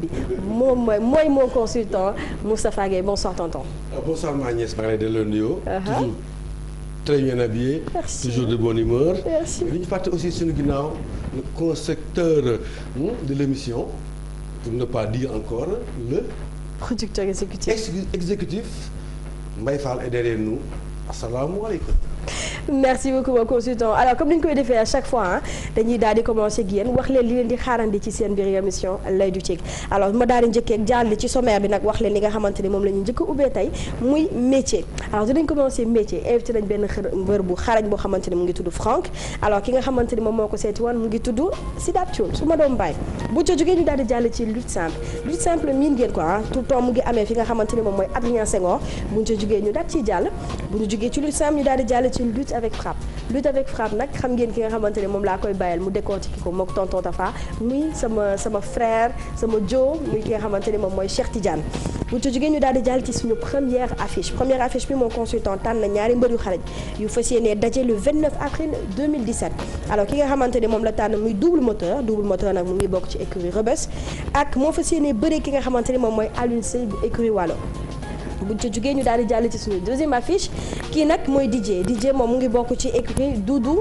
bi moom mooy mon consultant Moustapha Gueye bonsoir tonton. Euh, bonsoir ma nièce maa ngi lay delloo nuyoo. toujours très toujours de bonne humeur. merci li ñu fàtte aussi suñu ginnaaw le concepteur hmm, de l' émission pour ne pas dire encore le. producteur exécutif exécutif Mbaye Fall est derrière nous merci beaucoup mon consultant alors comme ni ñu koy defee chaque fois dañuy daal di commencer ak wax leen li leen di xaarandi ci seen biir émission lay du ceeg alors ma daal di njëkkee ak jaarale ci sommaire bi nag wax leen li nga xamante moom la njëkk a ubbee tey muy métier alors dinañ commencer métier invité nañ benn xër bu xarañ boo xamante moom mu ngi tudd Sidaat Thioune su ma doom bàyyi bu ca jógee ñu daal di jàll ci lutte simple lutte avec frappe lutte avec frappe nag xam ngeen ki nga xamante ne moom laa koy bàyyal mu décortiquer ko mook tonton Tafa muy sama sama frère sama jo muy ki nga xamante ne moom mooy Cheikh Tidiane bu ñu ci jógee ñu daal di jàll ci suñu première affiche première affiche bi moom consultant tànn na ñaari mbër yu xarañ yu fas yéenee daje le avril 2017 ki nga xamante ne moom la tànn muy double moteur double moteur nag mu ngi bokk ci écurie Rebeuss ak moo fas yéenee bëree ki nga xamante ne moom mooy buñ ca jugee ñu daal di jàll ci suñu deuxième affiche kii nag mooy DJ DJ moom mu ngi bokk ci écurie Doudou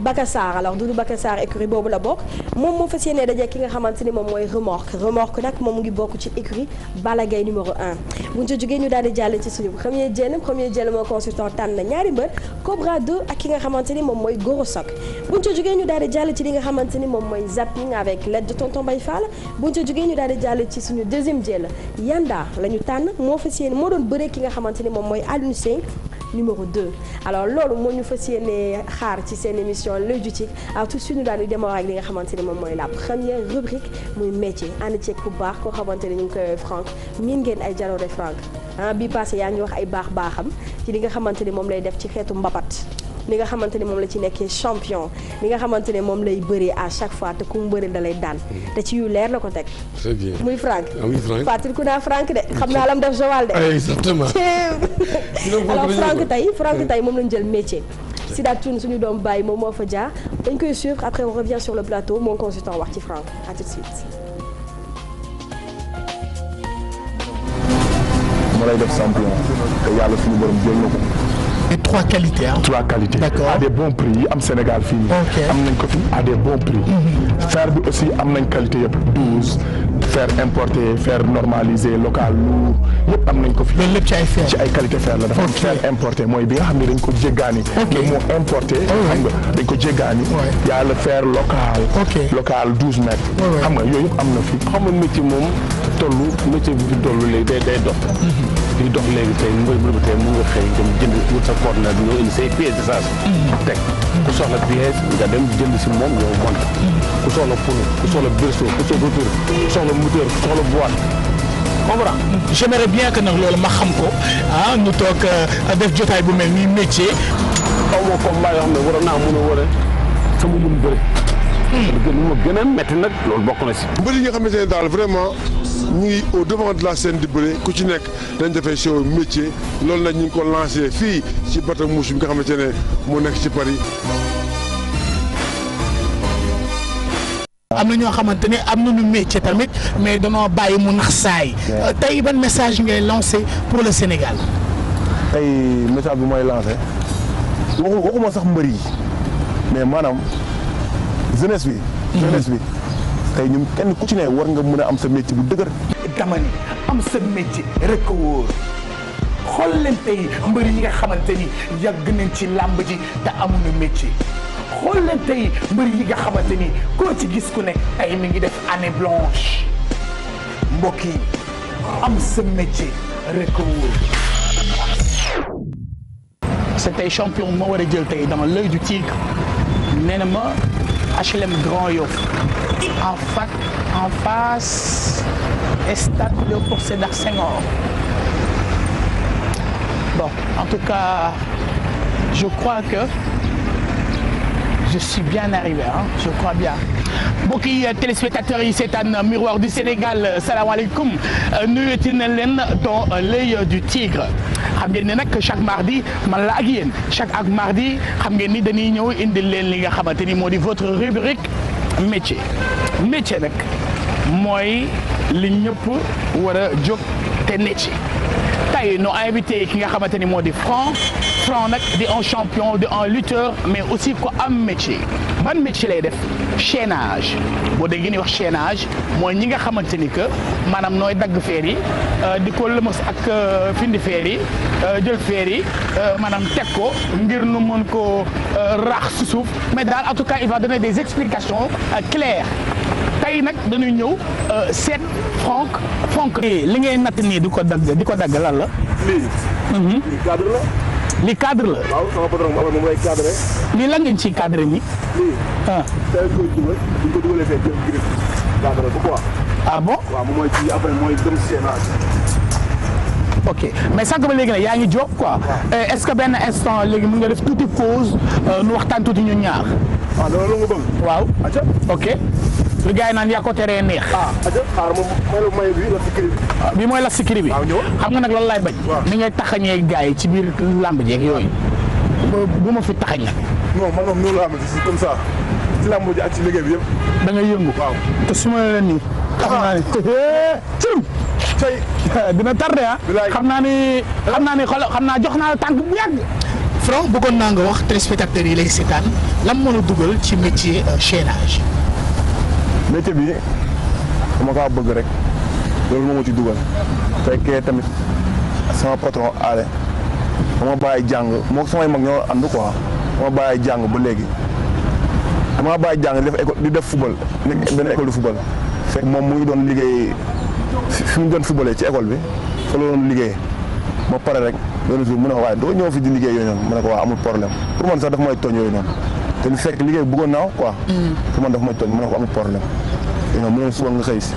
Bakassar alors Doudou Bakassar écurie boobu la bokk moom moo fas yéenee daje ki nga xamante ni moom mooy remorque remorque nag moom mu ngi bokk ci écurie Balla Gaye numéro 1 buñ ca ñu daal di jàll ci suñu premier jël premier jël moo consultant tànn na ñaari mbër Cobra 2 ak ki nga xamante ni moom mooy Goro Sok buñ ca jugee ñu daal di jàll ci li nga xamante ni moom mooy zapping avec l'aide ñu daal di jàll ci suñu deuxième jël Yanda la moo moo doon ki nga xamante ni moom mooy Alioune Seye numéro 2 alors loolu moo ñu fa yéene xaar ci seen émission l'œil du tigre alors tout de suite daal di démarrer ak li nga xamante ni moom mooy la première rubrique muy métier ànd ceeg bu baax koo xamante ni ñu ngi koy Franck miin ngeen ay jaroore Franck ah bii passé yaa ngi wax ay baax baaxam ci li nga xamante ni moom lay def ci xeetu mbapat li nga xamante ne moom la ci nekkee champion li nga xamante ne moom lay bëree à chaque fois te ku mu bëree da lay daan mm-hmm. te ci yu leer la ko teg. très bien muy Franck. muy ah Franck naa Franck de xam naa la mu def Joal de. exactement. alors Franck tey Franck tey moom lañu jël métier. Sida Thioune suñu doom bàyyi moom moo fa jaar dañ koy suivre après on revient sur le plateau mon consultant wax ci Franck à tout lay def champion te yàlla suñu borom jël na ko. et trois qualités hein? trois qualités à des prix yi am Sénégal fii okay. am nañ ko fi à des prix mhm. fer bi aussi am nañ qualité yëpp douze fer importé fer normalisé local lourd yëpp am nañ ko fi lépp ci qualité fer la dafa am fer importé mooy bi xam ne dañ ko jéggaani mais moo importé oh xam nga dañ ko jéggaani yaa le fer local local douze mètres xam nga yooyu yëpp am na fi xam nga métier moom tollu métier bi fi tollu léegi day day liy dox léegi tey mbër bu tey mu nga dem jënd wut sa koot na ku soxla pièce nga dem jënd si moom yow monte ku soxla pneu ku soxla berceau ku soxla rotor ku soxla moteur ku soxla boîte comprend j'aimerais bien que nag loolu ma xam ko ah ñu toog euh, def jotaay bu mel nii métier aw moo mbaa yoo xam ne waroon naa mën a war a sama mun bëri gën ma gën a metti nag loolu bokk na si mbëri yi nga xamante ne daal vraiment ñu ngi au devant de la scène di bëre ku ci nekk dañ defee show métier loolu nag ñu ngi ko lancé fii ci bateau mouche bi nga xamante ne mu nekk ci Paris. am na ñoo xamante ne am na nañu métier tamit mais danoo bàyyi mu nax saay tey ban message ngay lancé pour le Sénégal. tey message bi mooy lancé waxuma sax mbër yi mais maanaam jeunesse bi. Mm-hmm. jeunesse bi. tey ñun kenn ku war nga mën a am sa métier bu dëgër. dama ni am sa métier rek a wóor xool leen tey mbër yi nga xamante ni yàgg nañ ci làmb ji te na métier xool leen tey mbër yi nga xamante ni koo ci gis ku ne tey mi ngi def année blanche mbokk yi am sa métier rek a wóor. c'est tey champion ma war a jël tey dama l'œil du tigre nee na ma HLM Grand Yoff en fac en face stade Léopold Sédar Senghor bon en tout cas je crois que je suis bien arrivé ah je crois bien mbokki téléspectateurs yi seetaan miroir du Sénégal salaamaaleykum euh, nuyuwati na leen dans l'œil du tigre xam ngeen ne nag chaque mardi man la ak yéen chaque ak mardi xam ngeen ni dañuy ñëw indil leen li nga xamante ni moo di votre rubrique métier métier nag mooy li ñëpp war a jóg te ne ci tey no invité ki nga xamante ni moo di Franc Franc nag di un champion di un lutteur mais aussi ko am métier ban métier lay def chaînage boo déggee ni wax chaînage mooy ñi nga xamante ni que maanaam nooy dagg feer yi euh, di ko lëmës ak euh, findi feer yi euh, jël feer yi maanaam teg ko ngir nu mën ko raax si suuf mais daal en tout cas il va donner des explications claires tey nag dañuy ñëw seet Franck Franck eh, li ngay natt nii di ko dagg di ko dagg lan la mhm. li cadre la. waaw sama patron moom lay cadré. lii nii. lii. ah tey koy ko dugalee fee jël griffe cadré ko quoi. ah bon ok mais sànq ba léegi nag yaa ngi jóg quoi eh, ce que benn instant léegi mën nga def tuuti pause euh, nu waxtaan tuuti ñun ñaar. Ah, waaw ok. lu gars yi naan yaa ko teree neex. ah xaar moom mooy bi lasikiri bi. Ah, bi mooy lasikiri bi. Ah, xam nga nag loolu laay bañ. ni ngay taxañee gars yi ci biir làmb jeeg yooyu. bu ma fi taxañ nag. non man moom la am ak ci liggéey yëpp. da ngay yëngu. waaw te su ma leen nii. xam naa ne ah. cërëm. xam naa ni xam naa ni xool xam naa jox naa la tànk bu yàgg. Franc bëggoon naa nga wax téléspectateurs yi lay seetaan lan moo la dugal ci ci euh, chaînage. métier bi dama kaa bëgg rek loolu moo ma ci dugal fekkee tamit sama patron aale dama bàyyi jàng moo samay mag ñoo ànd quoi dama bàyyi jàng ba léegi dama bàyyi jàng di def école di def football nekk benn école de football fekk moom mu ngi doon liggéey fi mu doon footballee ci école bi fa la doon liggéey ma pare rek loolu jour mu ne ko waaye doo ñëw fi di liggéey yooyu noonu ma ne ko waa amul pour man sax daf may tooñ yooyu noonu te fekk liggéey bëggoon naaw quoi mm. pour man daf may tooñ mu léegi nag mënoon suba nga xëy si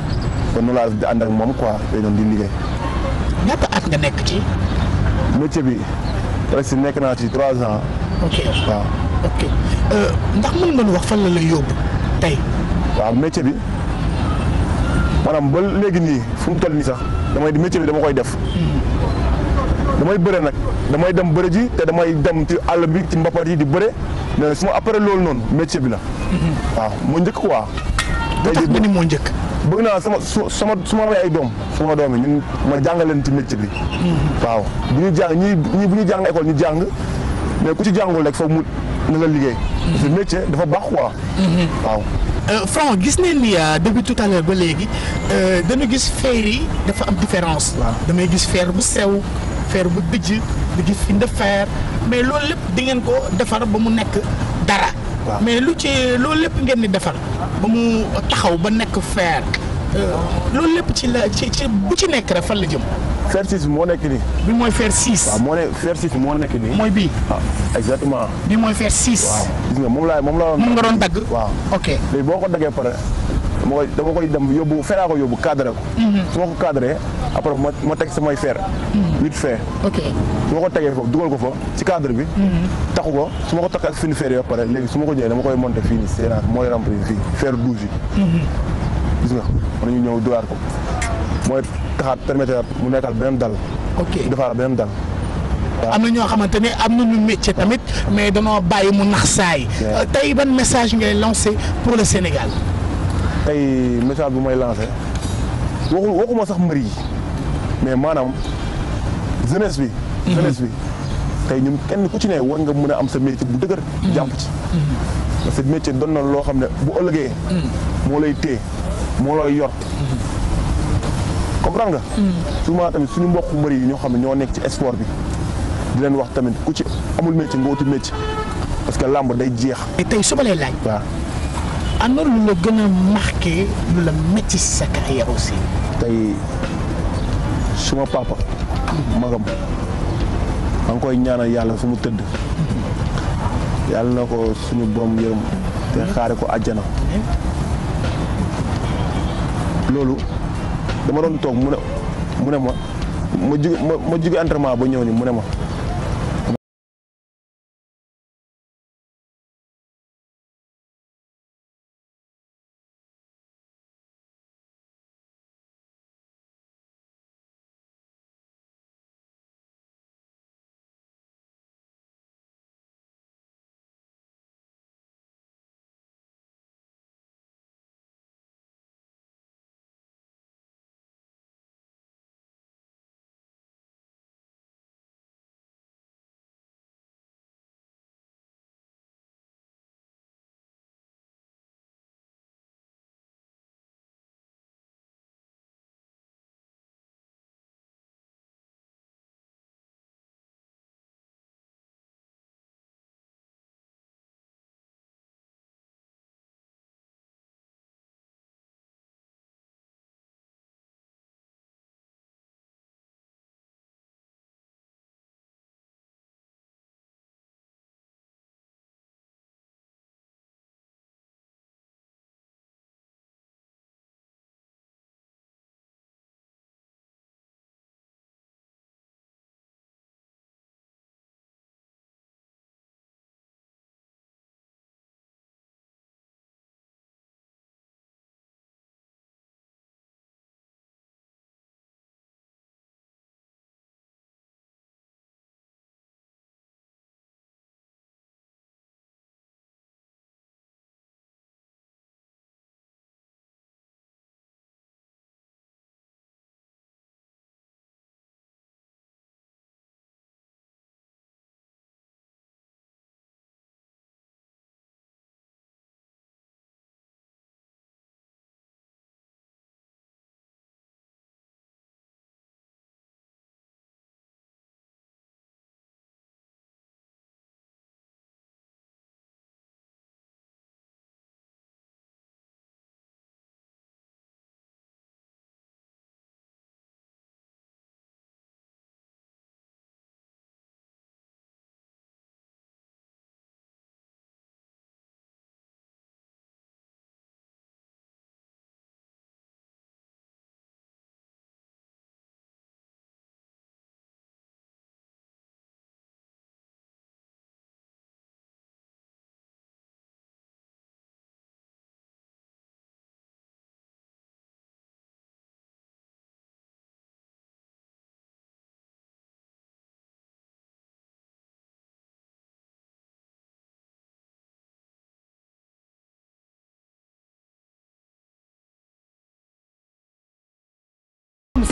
kon noonu laa moom quoi léegi di liggéey. ñaata at nga nekk ci. métier bi presque nekk naa ci trois ans. ok waaw. ok euh, la lay tey. waaw métier bi maanaam ba léegi nii fu mu nii sax damay métier bi dama koy def. Hmm. damay bëre nag damay dem bëre ji te damay dem ci àll bi ci mbapat yi di bëre mais su ma après loolu noonu métier bi la. Hmm. waaw moo njëkk quoi. lu tax nga ni moo njëkk. bëgg naa sama su sama su ma ay doom sama doom yi ñun ma jàngaleen ci métier bi. waaw bu ñu jàng ñii ñii bu ñu jàng école ñu jàng mais ku ci jàngul rek foog mu na liggéey. parce que métier dafa baax quoi. waaw. Euh, Franc gis ne ni euh, depuis tout à ba léegi euh, dañu gis fer yi dafa am différence. damay gis fer bu sew fer bu dijj di gis fi de fer mais loolu lépp di ngeen ko defar ba mu nekk dara. mais lu ci loolu lépp ngeen di defar ba mu taxaw ba nekk fer euh, loolu lépp ci la ci ci bu ci nekk rek fan la jëm. fer 6 moo nekk nii. bi mooy fer 6. waaw moo ne moo nekk nii. mooy bii. waaw ah, exactement. bi mooy fer 6. waaw gis moom laa moom laa. moom nga doon dagg. waaw ok léegi boo ko daggee pare. dama koy dama koy dem yóbbu fer laa ko yóbbu cadré ko. Mhm. su ma ko cadré après ma ma teg samay fer. Mhm. huit fer. ok su ma ko tegee foofu dugal ko fa ci cadre bi. Mhm. taxu ko su ma ko takk ak fini fer yi ba pare léegi su ma ko jëlee dama koy monté fii nii séenage mooy remplir fii fer douze yi. gis nga mën nañu ñëw dugaat ko mooy taxaat permettre mu nekkal beneen dal. ok defaat beneen dal. am na ñoo xamante ne am na ñu métier tamit mais danoo bàyyi mu nax saay tey ban message ngay lancé tey message bu may lancé waxu waxuma sax mbër yi mais maanaam jeunesse bi. jeunesse bi tey ñu kenn ku ci ne war nga mën a am sa métier bu dëgër. jàpp ci. parce que métier doon na loo xam ne bu ëllëgee. moo lay téye moo lay yor. comprendre nga. souvent tamit suñu mbokk mbari yi ñoo xam ne ñoo nekk ci sport bi di leen wax tamit ku ci amul métier nga wuti métier parce que làmb day jeex. tey su ma lay laaj. ana lu la gën a marqué lu la métti sa carrière aussi. tey suma papa. magam maa ngi koy ñaana yàlla suma tëdd. yàlla na ko suñu boom yërëm. te xaare ko àjjana. loolu dama doon toog mu ne mu ne ma ma jóge ma jóge entraînement ba ñëw ni mu ne ma.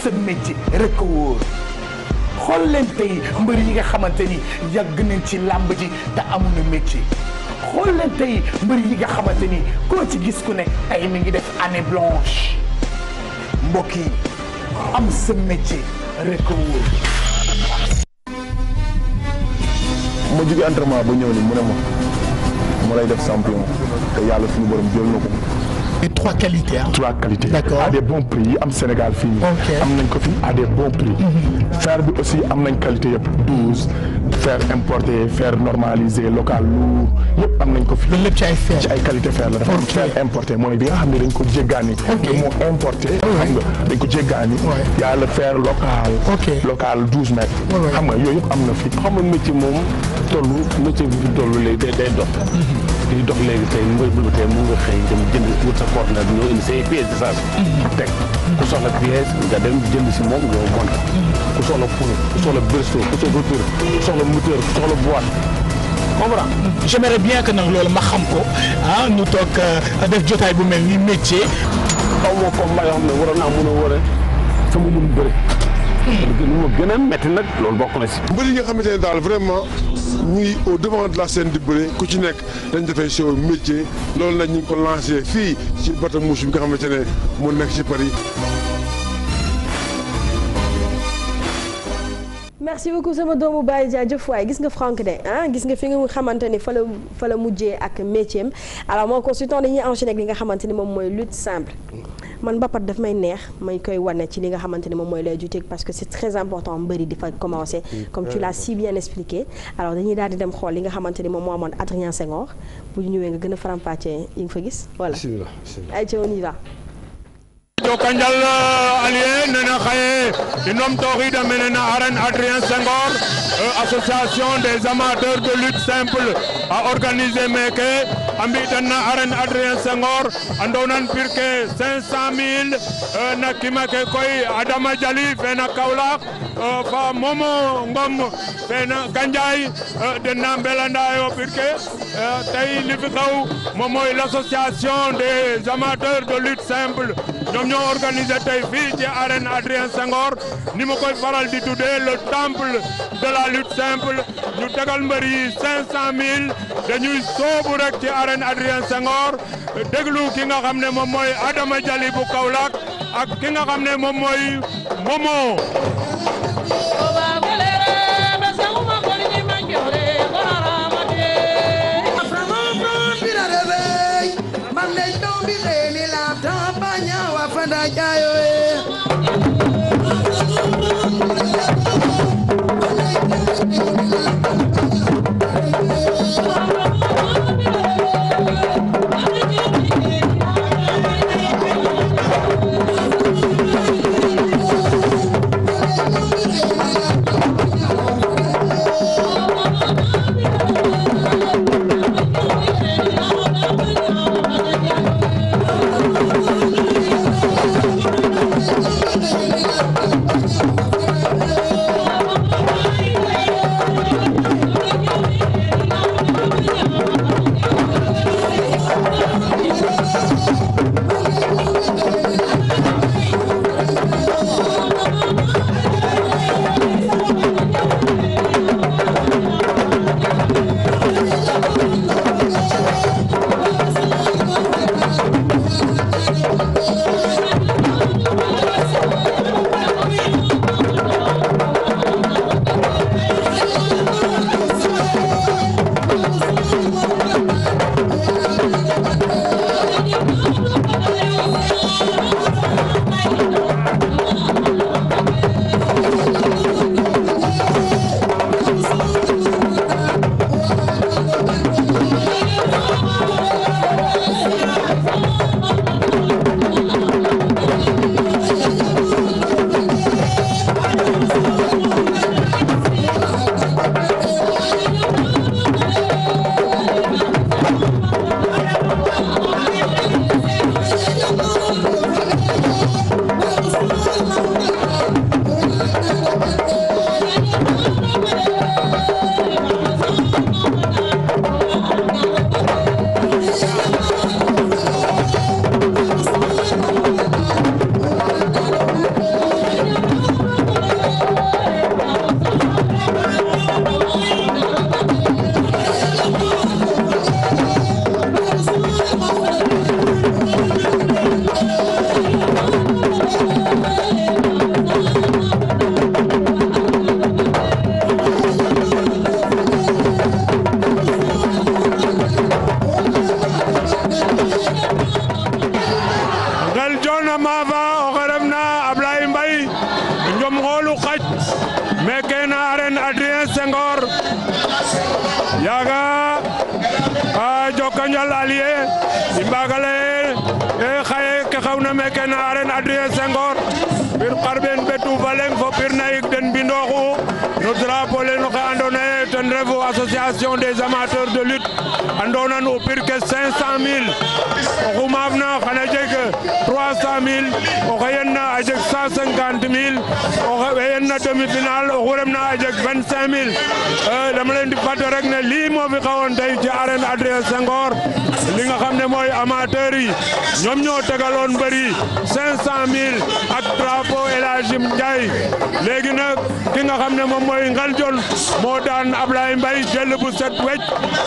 sa métier rek a xool leen tey mbër yi nga xamante ni yàgg nañ ci làmb ji te amuñu métier xool leen tey mbër yi nga xamante ni koo ci gis ku ne tey mi ngi def année blanche mbokk yi am sa métier rek a wóor. ma jóge entraînement ba ñëw ni mu ne ma ma lay def champion te yàlla suñu borom jël na ko. Et trois qualités. Hein? Trois qualités. yi À des bons prix. Am Sénégal fii. ok am nañ ko fii à des prix. Mhm. fer bi aussi am nañ qualité yëpp douze. fer importé fer normalisé local lourd yëpp am nañ ko fi. loolu lépp ci ay fer la dafa fer importé mooy bi nga xam ne dañ ko jéggaani. ok te moo importé. xam nga dañ a local. local douze xam nga yooyu yëpp am na fi. xam nga métier moom tollu métier bi fi tollu lay day dox. Mhm. di dox léegi tey mbay bu tey mu nga xëy dem jënd wut sa coordonnée bi ñoo indi say pièces de change teg ku soxla pièce nga dem jënd si moom nga monte ku soxla pneu ku soxla berceau ku soxla rotor ku soxla moteur ku soxla boîte comprend j'aimerais bien que nag loolu ma xam ko ah ñu toog euh, def jotaay bu mel ni métier aw moo combat yoo xam ne waroon naa mën a war a sama mun bëri lu ma gën a metti nag loolu bokk na si mbir yi nga xamante ne daal vraiment ñu ngi au devant de la scène di ku ci nekk dañ dafay show métier loolu nag ñu ko lancé fii ci bateau mouche bi nga xamante ne moo nekk ci Paris. merci beaucoup sama doomu Baye jaajëf waaye gis nga Franck de ah gis nga fi nga xamante ni fa la fa la mujjee ak métier am alors mon consultant dañuy enchaîner ak li nga xamante ni moom mooy lutte simple. man mbappat daf may neex may koy wane ci li nga xamante ne moom mooy lay juteeg parce que c'est très important mbëri di fa commencer mm. comme tu l'as si bien expliqué alors dañuy daal di dem xool li nga xamante ni moom moo amoon Adrien Senghor bu ñu ñëwee nga gën a faram-fàccee yi nga fa gis voilà. bismillah bismillah ayca Joko njal allié nene xaye i numtooxiida mene na arène Adrien Senghor euh, association des amateurs de lutte simple a organisé meke a mbi'tan na arène Adrien Senghor a ndoonan euh, na kima ke koy Adama Jali fe na Kaolack euh, fa Momo Ngom fe na Gandiaye den na mbelandayo pir tey li fi xew des amateurs de lutte simple ñoo organisé tey ci arène Adrien Senghor ni ma koy faral di tuddee le temple de la lutte simple ñu tegal mbër yi 500000 dañuy soobu rek ci arène Adrien Senghor déglu ki nga xam ne moom mooy Adama Jali bu Kaolack ak ki nga xam ne moom mooy Momo.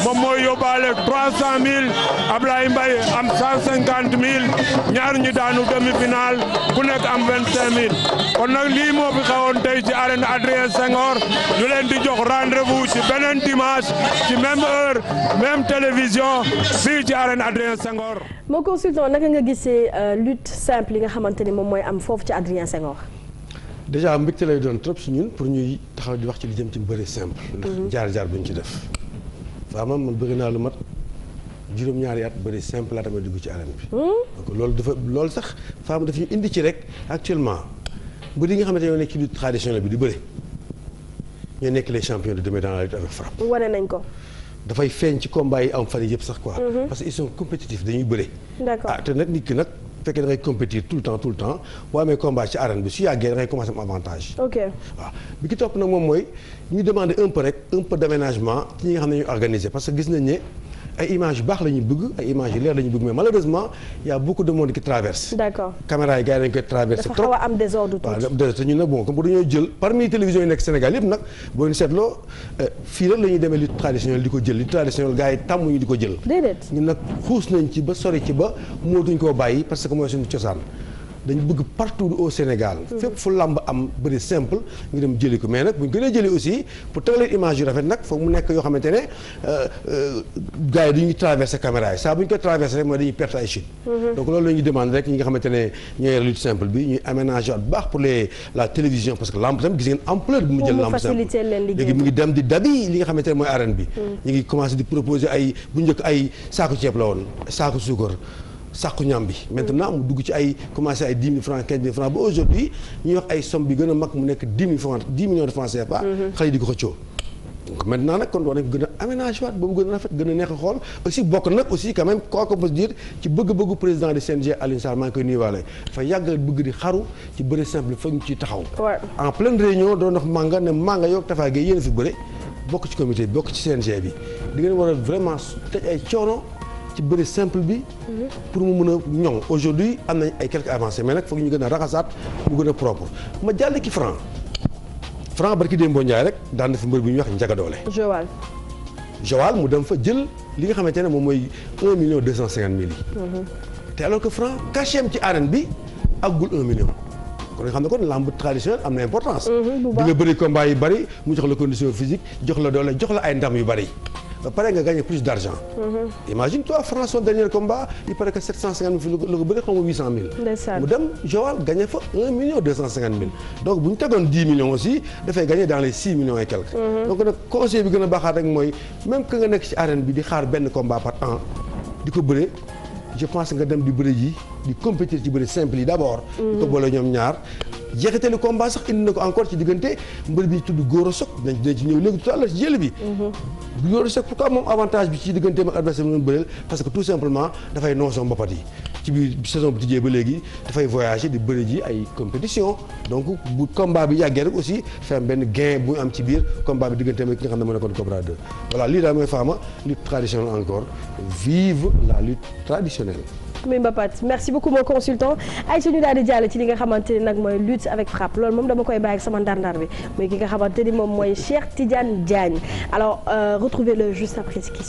moom mooy yóbbaale trois cent mille Ablaye Mbaye am cent ñaar ñu daanu demi-finale ku nekk am kon nag lii moo fi xewoon tey ci arène Adrien Senghor ñu leen di jox rendez-vous ci beneen dimanche ci même heure même télévision fii ci arène Adrien Senghor. moo consultant naka nga gisee euh, lutte simple yi nga xamante ni moom mooy am foofu ci Adrien Senghor. déjà mbégte lay doon trop si ñun pour ñuy taxaw di wax ci li jëm ci bëri simple. ndax mhm. jaar jaar bu ci def. waaw man man bëri naa lu mat juróom-ñaari at bëri simple laa tamit dugg ci arène bi. Hmm? donc loolu dafa lool sax femme daf ñu indi ci rek actuellement mbër yi nga xamante ne ñoo nekk ci traditionnel bi di bëri ñoo nekk les champions de demain dans la lutte avec frappe. wane nañ ko. dafay feeñ ci combat yi am fan yëpp sax ko parce que ils sont dañuy bëri. d'accord ah te nag nit ki nag. fekkee da ngay compétir tout le temps tout le temps boo amee combat ci arène bi su yàggee da ngay commencé am avantage. ok waaw bi ki topp nag moom mooy ñu demander un peu rek un peu d' aménagement ci xam ne ñu organiser parce que gis nañ ne. ay image yu baax la ñu bëgg ay image yu leer la ñu bëgg mais malheureusement y a beaucoup de monde qui traverse d'accord caméra yi gars yi dañu koy traversé trop dafa a am désordre tuuti waaw te ñu ne bon comme dañoo jël parmi télévision yi nekk Sénégal yëpp nag boo ñu seetloo euh, fii rek demee lutte traditionnelle di ko jël lutte traditionnelle gars yi tàmmuñu di ko jël déedéet ñun xuus nañ ci ba sori ci ba mootuñ koo bàyyi parce que mooy suñu cosaan dañu bëgg partout au Sénégal. fépp fu làmb am bëri simple ñu dem jëli ko mais nag bu ñu gënee jëli aussi pour tegaleen image yu rafet nag foog mu nekk yoo xamante ne euh, euh, gars yi dañuy traversé caméra yi saa bu ñu koy traversé rek mooy dañuy perte ay mhm. donc loolu la ñuy demande rek ñi nga xamante ne ñooy lutte simple bi ñuy aménagé bu baax pour les la télévision parce que làmb tam gis ngeen ampleur bi mu jël làmb simple léegi mu ngi dem di dabi li nga xamante ne mooy arène bi. Mhm. ñu ngi commencé di proposer ay bu njëkk ay saaku ceeb la woon sàqu ñam bi maintenant mu dugg ci ay commencé ay dix mille francs quinze aujourd'hui ñuy wax ay somme bi gën a mag mu nekk dix millions de francs CFA mhm. xale yi di ko xëccoo maintenant nag kon war nañ gën a aménagé waat boobu gën a rafet gën a neex a xool maa ngi koy nuyuwaale dafa yàgg bëgg di xaru ci bëri simple foog ñu ciy taxaw en pleine réunion doon wax manga ne manga yow Tafa Gueye yéen fi bëre bokk ci comité bokk ci CNG bi di ngeen war ci bëri simple bi. pour mu mën a ñoŋ aujourd'hui am nañ ay quelques avancées mais nag foog ñu gën a raxasaat mu gën a propre ma jàll ki franc franc barki Demba Ndiaye rek daan na fi mbër bu ñuy wax njaga Doole. Joal. Joal mu dem fa jël li nga xamante ne moom mooy 1 million 250 mille mhm. te alors que franc cachem ci arène bi àggul 1 million. kon nga xam ne kon lamb traditionnel am na importance. Mhm, di nga bëri combat yu bari mu jox la condition physique jox la doole jox la ay ndam yu bëri. ba pare nga gagné plus d' argent. imagine toi France son dernier combat il paraît que 750 000 lu ko bëri xam nga dem Joal gagné fa donc bu ñu tegoon 10 millions aussi dafay gagné dans les 6 millions et quelques. donc nag conseil bi gën a baaxaat rek mooy même que nga nekk ci arène bi di xaar benn combat par an di ko bëree. je pense nga dem di bëri ji di compétir ci bëri simple yi d' di ko boole ñoom ñaar. jeexitalu combat sax indi na ko encore ci diggante mbër bi tudd Gora Sock dinañ dinañ ci ñëw léegi tout à l'heure ci jël bi mhm. Gora Sock pourquoi moom avantage bi ci digganteem ak adversaire bi doon bëreel parce que tout simplement dafay nooson mbapat yi ci biir saison bu tijjee ba léegi dafay voyager di bëri ji ay compétition donc bu combat bi yàggee rek aussi dafa benn gain bu am ci biir combat bi digganteem ak ki nga xam ne moo nekkoon Cobra la lutte traditionnelle muy mbapat merci beaucoup mon consultant ay suñu daal di jàll ci li nga xamante ni nag avec frappe loolu moom dama koy bàyyi ak sama ndarndar bi muy ki nga xamante ni moom mooy Cheikh tijan Diagne alors euh, retrouvez-le juste après ce qui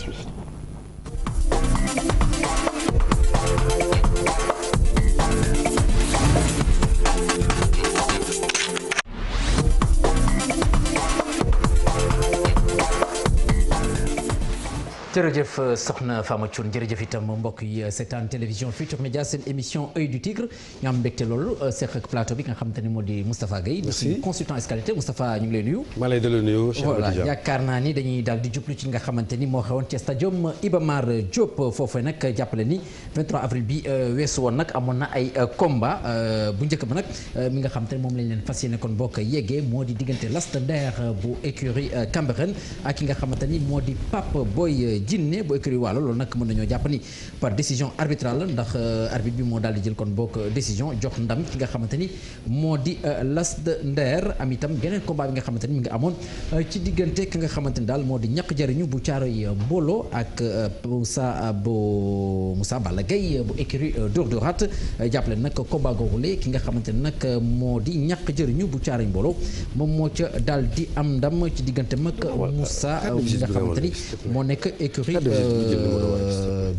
jërëjëf euh, soxna Fama Thioune jërëjëf itam mbokk yi euh, seetaan télévision Futur Média seen émission œil du tigre ñu am mbégte loolu euh, seq ak plateau bi nga xamante ne moo di Moustapha Guèye di consultant escalité Moustapha ñu ngi yaakaar naa ni dañuy daal di jublu ci nga xamante ni moo xewoon ci stadium Iba Mar Diop foofee nag jàppale ni 23 avril bi weesu woon nag amoon na ay combat bu njëkk ba nag mi nga xamante ne moom lañ leen fas ne kon bokk yeggee moo di diggante Lastander bu écurie Cambérène ak ki nga xamante ni moo di Pape Boy jinne bu écurie Waalo loolu nag mën nañoo jàpp ni par décision arbitrale ndax euh, arbitre bi moo daal di jël kon boog euh, décision jox ndam ki nga xamante ni moo di euh, las de ndeer am itam beneen combat bi nga xamante ni mi ngi amoon ci diggante ki nga xamante ni daal moo di ñàkk jariñu bu caaro yi mbooloo ak Moussa bu Moussa Balla bu écurie Dóor jàppale nag combat googule ki nga xamante ni nag moo di ñàkk jëriñu bu caaro yi moom moo ca daal di am ndam ci diggante mag Moussa nga xamante moo nekk écurie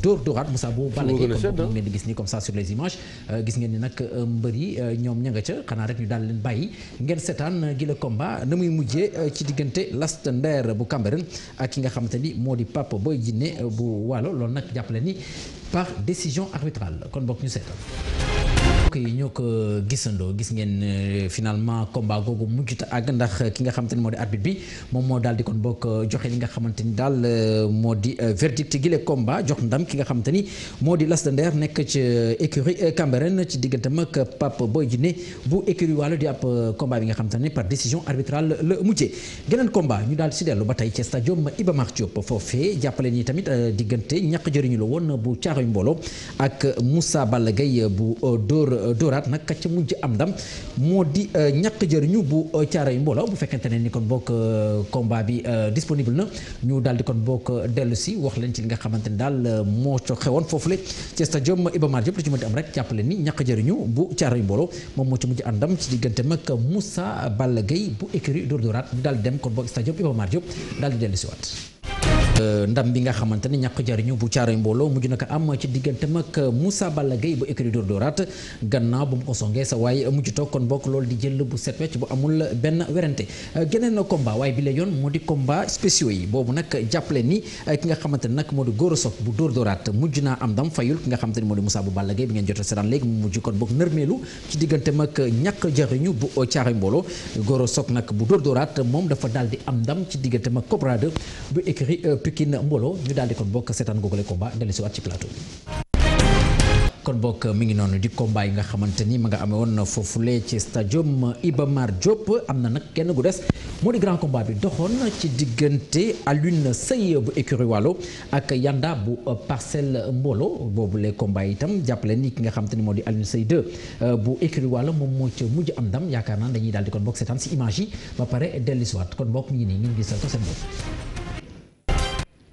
dóor dóoraat Moussa Bobo Balla Gaye comme ngeen di gis ni comme ça sur les images euh, gis ngeen ni nag euh, mbër yi euh, ñoom ña nga ca xanaa rek ñu daal leen bàyyi ngeen seetaan gi la combat na muy mujjee ci diggante last ndeer bu Cambérène ak ki nga xamante ni moo di Pape booy jinne bu Waalo loolu nag jàppale ni par décision arbitrale kon bokk ñu seetaan mbokk yi ñoo ko gisandoo gis ngeen euh, finalement combat googu mujjut ak ndax ki nga xamante ni moo di arbitre bi moom moo daal di kon bokk euh, joxe li nga xamante ni daal euh, moo di verdict gi le combat jox ndam ki nga xamante ni moo di Lac de Nder nekk ci écurie Cambérène ci digganteem ak pap Boy Djiné bu écurie Walo di ab combat bi nga xamante ni par décision arbitrale la mujjee geneen combat ñu daal si dellu ba tey ci stadium ma Mar Diop foofee jàppale ni tamit diggante ñàkk jëriñu la woon bu caaxuy mbooloo ak Moussa Balla Gaye Euh, dooraat nag ka ca mujj am ndam moo di euh, ñàkk jëriñu bu euh, caara yu mbooloo bu fekkente ne ni kon bokk combat bi disponible na ñu daal di kon bokk dellu si wax leen ci li nga xamante ni daal moo co xewoon foofule ci stadium Iba Mar Diop lu ci mën di am rek jàppale ni ñàkk jariñu bu caara yu mbooloo moom moo ci mujj am ndam ci diggante mag Moussa Balla Gueye bu écurie door dóoraat ñu daal di dem kon bokk stadium Iba Mar Diop daal di dellu waat Euh, ndam bi nga xamante ne ñàkk jariñu bu caaroy mbooloo mujj na ko am ci diggante mag Moussa Balla Gaye bu écurie Dordorat gannaaw bu mu ko songee sa waaye mujj kon bokk loolu di jël bu set wecc bu amul benn werante euh, na combat waaye bi la yoon moo di combat spéciaux yi boobu nag jàppale ni euh, ki nga xamante ne nag moo di Gora Sock bu Dordorat mujj naa am ndam fayul ki nga xamante ne moo di Moussa bu Balla Gaye bi ngeen jot a seetaan léegi mu mujj kon bokk nërmeelu ci diggante mag ñàkk jariñu bu caaroy mbooloo Gora Sock nag bu Dordorat moom dafa daal di am ndam ci diggante ma Cobra bu écurie Pikine Mbolo ñu daal di kon bokk seetaan googale combat dellu si kon bokk mi ngi noonu di combat yi nga xamante ni ma nga amee woon na foofule ci stadium Iba Mar Diop am na nag kenn gu des moo di grand combat bi doxoon ci diggante Alioune Seye bu écurie Walo ak Yanda bu Parcelles Mbolo boobule combat itam jàppale ni ki nga xamante ni moo di Alioune Seye 2 euh, bu écurie moom moo ca mujj am ndam yaakaar naa dañuy daal di kon bokk seetaan si image yi ba pare dellusiwaat kon bokk mi ngi nii ngeen sa ko seen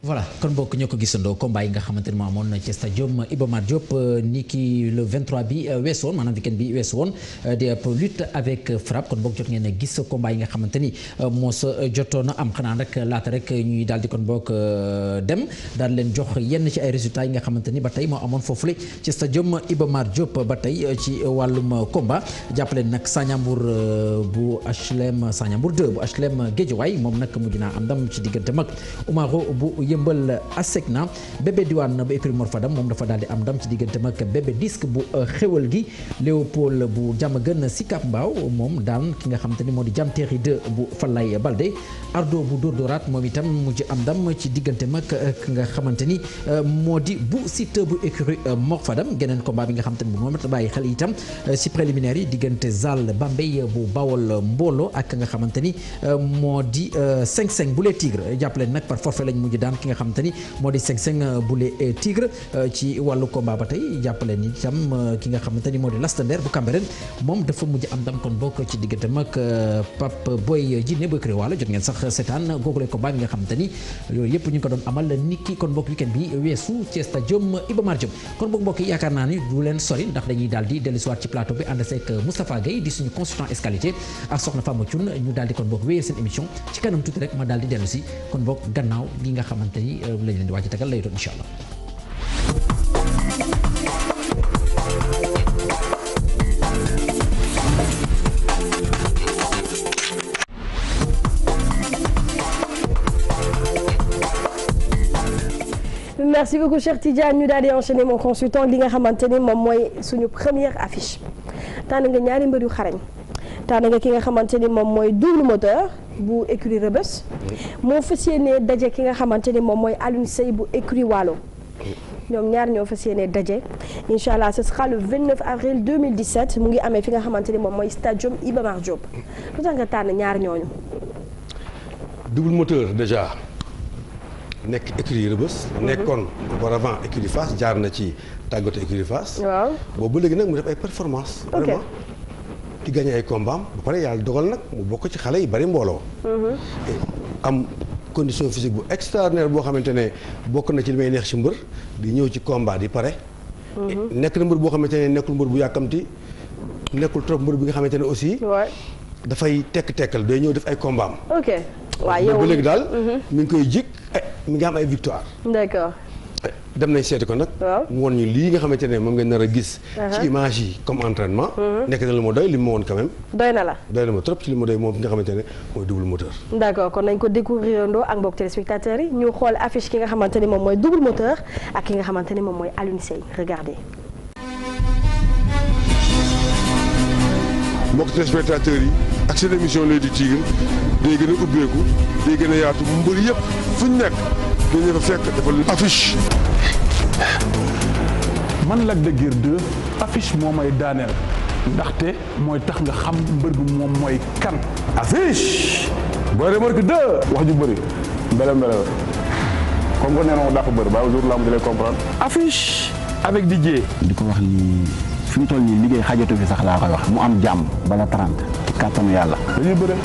voilà kon bokk ñoo ko gisandoo combat yi nga xamante ne moo amoon ci stadium Iba Mar Diop euh, ni ki le 23 bi euh, weesu woon maanaam weekend bi weesu woon euh, di ab lutte avec frappe kon bokk jot ngeen a gis combat yi nga xamante ni moo sa jotoon am xanaa rek laata rek ñuy daal di kon bokk dem daal leen jox yenn ci ay résultats yi nga xamante ni ba tey moo amoon foofu foofule ci stadium Iba Mar Diop ba tey ci wàllum combat jàppaleen nag Sagnambour bu HLM Sagnambour 2 bu HLM Guédiawaye moom nag mujj naa am ci diggante mag yëmbal ASECNA bébé diwaan bu écurie Mor Fadam moom dafa daal di am ndam ci digganteem ak bébé disque bu euh, xéwal gi Léopold bu jàmm gën Sicap Mbao moom daan ki nga xam te ni moo di jam teeri 2 bu Falaye Balde Ardo bu Dóor Dóoraat moom itam mujj am ndam ci digganteem ak euh, ki nga xamante ni euh, moo di bu Siteu bu écurie Mor geneen ko combat bi nga xam te ni bu moom it bàyyi xel itam ci préliminaire yi diggante Zal Bambey bu Bawol Mbolo ak nga xamante ni moo di 5-5 bu les nag par forfait lañ mujj daan ki nga xamante ni moo di Seng Seng euh, bu les Tigres euh, ci wàllu combat euh, ki ñu ngi ko doon amal niki kon bokk weekend bi weesu ci stadium Iba Mar Diop yaakaar naa ni du leen sori ndax dañuy daal di dellusiwaat ci plateau bi ànd seeg Moustapha Guèye di suñu consultant escalité ak soxna Fama Thioune ñu daal kon bokk wéyee seen émission ci kanam tuuti rek ma daal di kon bokk gannaaw li nga xamante xamante ni lañ merci beaucoup cher Tidiane ñu daal di enchaîner mon consultant li nga xamante ni moom mooy suñu première affiche tànn nga ñaari mbër yu xarañ tànn nga ki nga xamante ni moom mooy double moteur. bu écurie Rebeuss moo fas yéenee daje ki nga xamante ni moom mooy Alioune Seye bu écurie walo ñoom ñaar ñoo fas yéenee daje incha allah ce sera le 29 avril 2017 mu ngi amee fi nga xamante ni moom mooy stadium Iba Mar Diop lu nga tànn ñaar ñooñu. double moteur déjà nekk écurie Rebeuss. Mhm. nekkoon auparavant écurie Fass jaar na ci tàggatu écurie Fass. waaw boobu ba léegi nag mu def ay performances. vraiment. di gagné ay combat ba pare yàlla dogal nag mu bokk ci xale yi bari mbooloo. Mhm. am condition physique bu extraordinaire boo xamante ne bokk na ci li may neex ci mbër di ñëw ci combat di pare. Mhm. Eh, nekk na mbër boo xamante ne nekkul mbër bu yàkkamti nekkul trop mbër bi nga xamante ne aussi. dafay tekk-tekkal day ñëw def ay combat ok waaw yow léegi daal. Mhm. mi ngi koy jik eh, mi ngi am ay victoire. d'accord. dem nañ seeti ko nag. waaw woon ñu lii nga xamante ne moom ngeen nar a gis. ci image yi comme entraînement. Mhm. nekk na lu ma doy li ma woon quand même. doy na la doy na ma trop ci li ma doy moom ki nga xamante ne mooy double moteur. d' kon nañ ko découvrir ndoo ak mbokk yi ñu xool affiche ki nga moom mooy double moteur ak ki nga xamante ne moom mooy Alioune Seye regardez. mbokk téléspectateurs yi ak seen émission L'Oeil du Tigre day gën a ubbeeku day gën a yaatu mbër yëpp fu ñu nekk. dañu ko fekk defal affiche. man Lac de Guiers 2 affiche moo may daaneel ndaxte mooy tax nga xam mbër bi moom mooy kan. affiche. booy remarque 2 wax ñu bëri mbele mbele la comme que nee na ma dàq bëri ba jour lamb di lay comprendre. affiche avec Didier. di ko wax ni fi mu toll nii liggéey xajatu fi sax laa koy wax mu am jàmm bala 30 kàttanu yàlla. dañuy bëre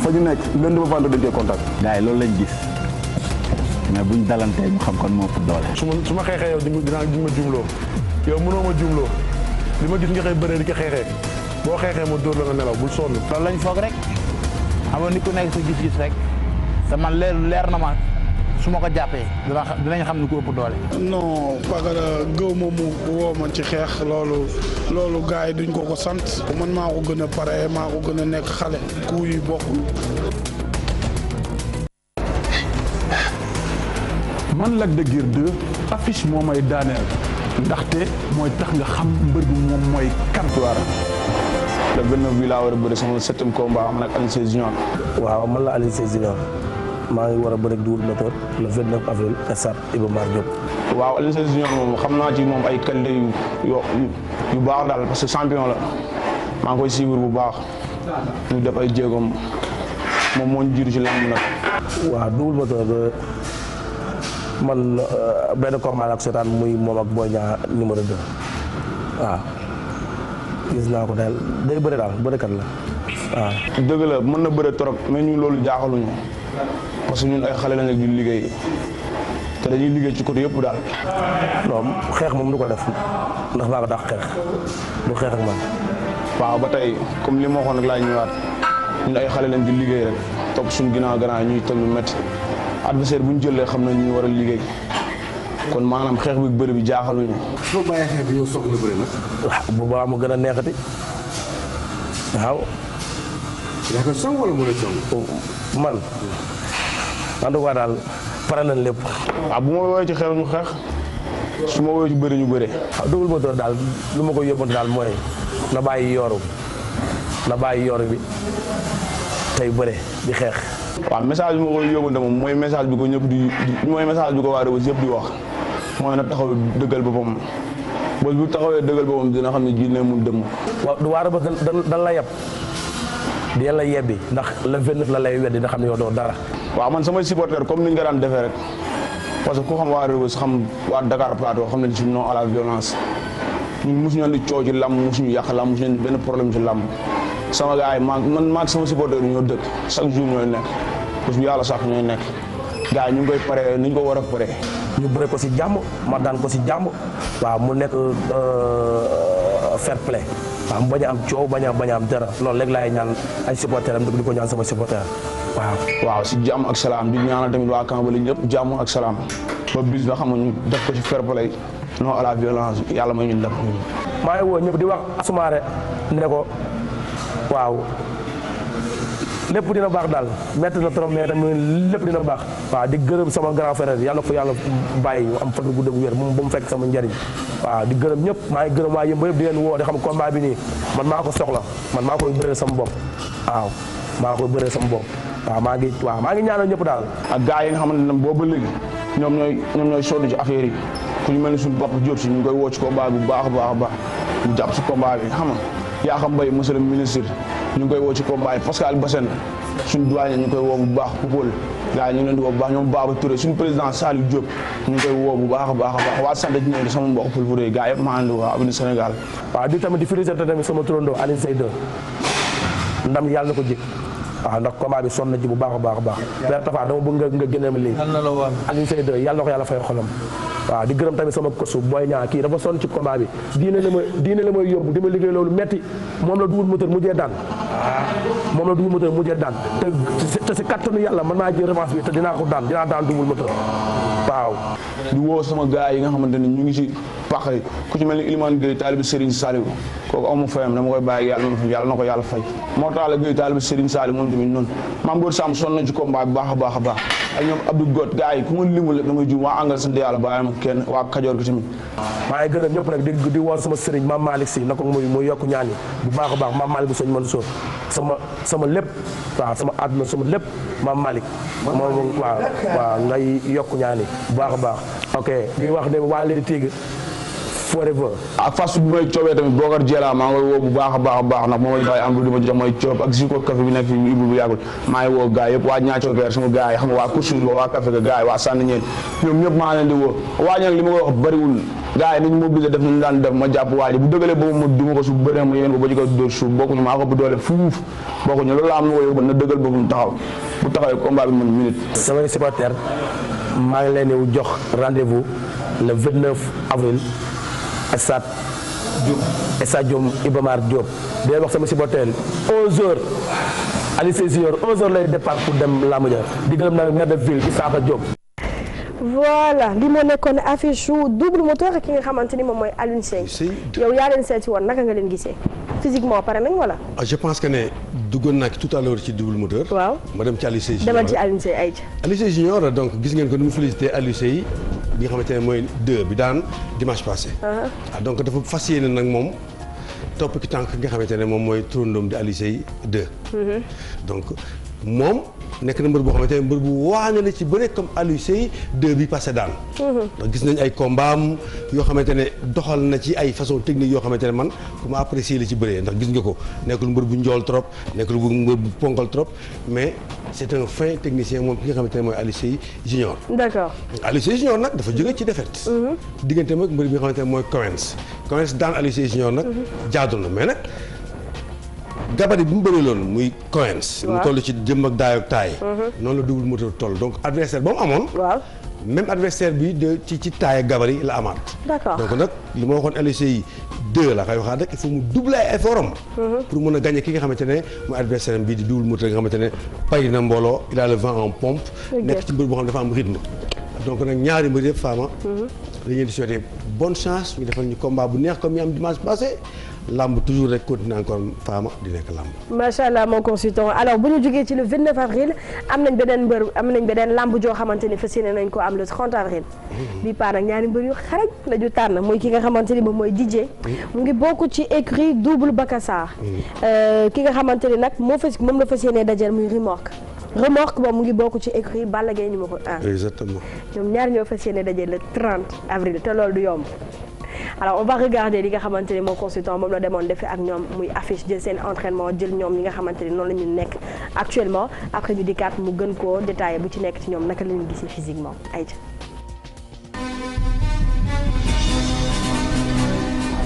fa ñu nekk lundi ba vendredi dañ koy contact. gars yi loolu lañ gis. mais buñ dalantee ñu xam kon moo ëpp doole. su ma su ma xeexee yow dinaa di ma jumloo yow mënoo ma jumloo li ma gis nga xëy bëree di ko xeexee boo xeexee ma dóor la nga nelaw bul sonn. loolu lañ foog rek xam nga ni ku nekk sa gis-gis rek te leer leer na ma su ma ko jàppee dina dinañ xam ne ku ëpp doole. non parce gëw ma mu woo man ci xeex loolu loolu gars yi duñ ko ko sant. man maa ko gën a pare maa ko gën a nekk xale. ku yi bokkul. man Lac de Guiers 2 affiche moo may daaneel ndaxte mooy tax nga xam mbër bi moom mooy kan. le 29 bi laa war a bëri sama septième combat am nag Alioune Sèye Junior. waaw man la Alioune Sèye Junior maa ngi war a bëri Double Moteur le 29 avril stade Iba Mar Diop. waaw Alioune Sèye Junior moom xam naa ci moom ay qualité yu yu baax daal parce que champion la maa ngi koy suivre bu baax ñu def ay jéegoom moom moo ñu jiitu ci lamb nag. waaw Double Moteur euh, man euh, benn combat ak seetaan muy moom ak Boy Niang numéro 2 waaw gis naa ko daal day bëre daal bërekat la waaw. dëgg la mën na bëre trop mais ñun loolu jaaxaluñu parce que ñun ay xale lañ ak di liggéey te dañuy liggéey ci côté yëpp daal. non xeex moom du ko def ndax maa ko dàq xeex du xeex ak waaw ba tey comme li ma waxoon rek laa ñëwaat ñun ay xale lañ di liggéey rek topp suñu ginnaaw gannaaw ñuy tënk lu adversaire bu ñu jëlee xam na ñu war a liggéey kon maanaam xeex bi bëri bi jaaxaluñu. soo bu baax mu gën a neexati a song. man en tout cas daal nañ lépp. waaw bu ma woowee ci xeex ñu xeex su ma woowee ci bëri ñu bëri. waaw Double Moteur daal lu ma ko yóbbante daal mooy na bàyyi yooru na bàyyi yooru bi tey bëre di xeex. waaw message bi ma koy moom mooy message bi ko ñëpp di mooy message bi ko waa Rebeuss yëpp di wax mooy na taxaw dëggal boppam bés bu taxawee dëggal boppam dina xam ne ji ne mun dem. waaw waa Rebeuss dan la yeb di la yebbi ndax la 29 la lay weddi nga xam ne yow doo dara. waaw man samay supporter comme ni ñu ko daan defee rek parce que ku xam waa Rebeuss xam waa Dakar Plateau xam nañ ci non à la violence ñun mosu ñu di coow ci làmb mosu ñu yàq làmb mosu ñu benn problème ci làmb. sama gars yi man man sama supporteur yi ñoo dëkk chaque jour ñooy nekk bés bu yàlla sax ñooy nekk gars yi ñu ngi koy pare ni ñu ko war a pare. ñu bëre ko si jàmm ma daan ko si jàmm waaw mu nekk euh, fair play waaw bañ a am bañ bañ am dara loolu léegi laay ñaan ay supporter am di ko ñaan sama supporter waaw. si jàmm ak salaam di ñaanal tamit waa Kambale ñëpp jàmm ak salaam ba bis ba xam ñu def ko si fair play non à la violence yàlla may ñu ndam. maa ñëpp di wax Asumaare ne waaw lépp dina baax daal métti na trop mais tamit lépp dina baax waaw di gërëm sama grand frère yàlla ko yàlla bàyyi am fan bu gudd bu wér moom ba mu fekk sama njariñ waaw di gërëm ñëpp maa ngi gërëm waa yëmba yëpp di leen woo di xam combat bi nii man maa ko soxla man maa koy bëree sama bopp waaw maa koy bëree sama bopp waaw maa ngi waaw maa ngi ñaanal ñëpp daal ak gars yi nga xamante ne boobu léegi ñoom ñooy ñoom ñooy soddu ci affaire yi ku ñu mel ni suñu bopp Diop si ñu ngi koy woo ci combat bu baax a baax a baax ñu jàpp si combat bi xam nga Yakham xam monsieur le ministre ñu ngi koy woo ci combat yi Pascal Bassène suñu doyen ñu ngi koy baax Poupol gars yi ñu ngi leen di woo bu baax ñoom Baba Touré suñu président Saliou Diop ñu ngi koy baax a baax a baax waa sant ñëw di sama mbokk Poulvouré gars yëpp maa ngi waa Sénégal waaw di tamit di féliciter sama turandoo Alioune Seyde ndam yàlla na ko jik waaw ndax combat bi sonn na ci bu baax a baax a baax père Tafa dama bëgg nga nga génne ma lii ak ñu say dë yàlla na ko yàlla fay xolam la ma diine la may yóbbu di ma liggéey loolu metti moom la dugal moo tax la Gueye taalibi Serigne Saliou moom tamit noonu maam Góor Samb sonn na ci combat bi baax a baax a baax a ñoom Abdou Got gars yi ku ma limul da nga juum waa angal sant yàlla bàyyi ma kenn waa Kajoor gi tamit maa ngi gërëm ñëpp nag di di woon sama sëriñ maam Malick si na ko muy muy yokk ñaan yi bu baax a baax maam Malick bu soñ man sóor sama lépp waaw sama àdduna sama lépp maam Malick moom waaw ngay yokk ñaan bu baax a baax ok di wax ne waa Léegi Tigre forever ak fast food bi may coobee tamit Bokar Diela maa ngi woo bu baax a baax a baax ndax moom la bàyyi am lu di ma jox may coob ak Zico café bi nekk fi ibu bu yàggul maa ngi woo gars yëpp waa ñaacookeer sama gars yi xam nga waa kursus ba waa café ga gars yi waa sànni ñeen ñoom ñëpp maa leen di woo waa ñi nag li ma koy wax bëriwul gars yi nañu mobiliser def nañu daan def ma jàpp waa ji bu dëgalee boobu ma duma ko suuf bëri ma yéen ko ba ci ko dóor suuf bokkuñu maa ko bu doole fuuf bokkuñu loolu la am na woo yow na dëgal boobu taxaw bu taxawee combat bi mën minute samay supporter maa ngi leen di jox rendez-vous le 29 avril stade stade Diom Iba Mar Diop dinañ wax sama supporter 11h Aliou Seye 11h lay départ pour dem Lamb ja di gërëm naa maire de ville Issakha Diop voilà li moo nekkoon affiche yu double moteur ki nga xamante ni moom mooy Alioune Seye. yow yaa leen seeti woon naka nga leen gisee physiquement pare nañ wala. Ah, je pense que ne duggoon naa tout à l'heure ci double moteur. waaw ma dem ci Alioune Seye. demal ci donc gis ngeen ko nu mu félicité Alioune Seye bi nga xamante ne mooy deux bi daan dimanche passé. ah, ah donc dafa fas yéene nag moom. topp ki tànk ki nga xamante ne moom mooy turandoom di Alioune Seye 2. Mm-hmm. donc moom. nekk na mbër boo xamante ne mbër bu waane la ci bëre comme Aliou Seye deux bi passé daan. Mhm. ndax gis nañ ay kombaam yoo xamante ne doxal na ci ay façon technique yoo xamante ne man ku ma apprécier la ci bëree ndax gis nga ko nekkul mbër bu njool trop nekkul mbër bu ponkal trop mais c'est un fin technicien moom ki nga xamante ne mooy Aliou Seye junior. d'accord Aliou Seye junior nag dafa jóge ci défaite. Mhm. diggante mag mbër bi nga xamante ne mooy Coens Coens daan Aliou Seye junior nag mhm. jaadu na mais nag. gabari bi mu bëri loolu muy Coins. mu toll ci jëm ak daay taay. Mhm. noonu la double moteur toll donc adversaire ba mu amoon. waaw adversaire bi de ci ci taay ak gabari la amaat. d'accord donc nag li ma waxoon LEC yi deux la kay waxaat rek il faut mu doubler ay effort mhm. pour mën a gagner ki nga xamante ne mooy adversaire bi di double moteur nga xamante ne pay na mbooloo il a le vent en pompe. nekk ci mbir boo xam ne dafa am rythme. donc nag ñaari mbir de faama. Mhm. dañu leen di souhaiter bonne làmb toujours rek continuer encore faama di nekk làmb. macha allah mon consultant alors bu ñu jógee ci le 29 avril am nañ beneen mbër am nañ beneen làmb joo xamante ni fas yéene nañ ko am le 30 avril. Hmm. bii paa nag ñaari mbër yu xarañ la ñu tànn mooy ki nga xamante ni moom mooy DJ. Hmm. mu ngi bokk ci écrit double Bakassar. Hmm. Euh, ki nga xamante ni nag moo fas moom la fas yéene dajee muy remorque. remorque boobu mu ngi bokk ci écrit Balla Gaye numéro 1. exactement ñoom ñaar ñoo fas yéene dajeel le 30 avril te loolu du yomb. alors on va regarder li nga xamante ni moo consultant moom la demoon defee ak ñoom muy affiche jël seen entraînement jël ñoom ñi nga xamante ni noonu la ñu nekk actuellement après di kaat mu gën koo détaillé bu ci nekk ci ñoom naka la ñu gisee physiquement ayca.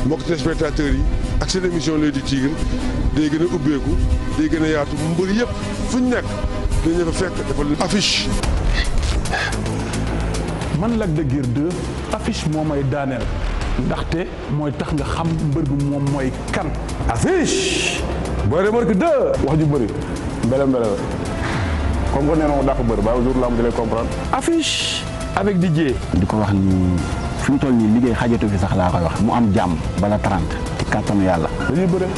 mbokk téléspectateurs yi ak seen émission L'Oeil di Tigre day gën a ubbeeku day gën a yaatu mbër yëpp fu ñu nekk dañu fa fekk dafa affiche. man Lac de Guiers moo may daaneel. ndaxte mooy tax nga xam mbër bi moom mooy kan. affiche. booy remarque deux. wax ju bëri mbele mbele la comme que nee na ma dàq bëri ba di lay di ko wax ni fi mu toll nii liggéey xajatu fi sax laa koy wax. mu am jàmm bala 30. ci kàttanu yàlla. dañuy bëre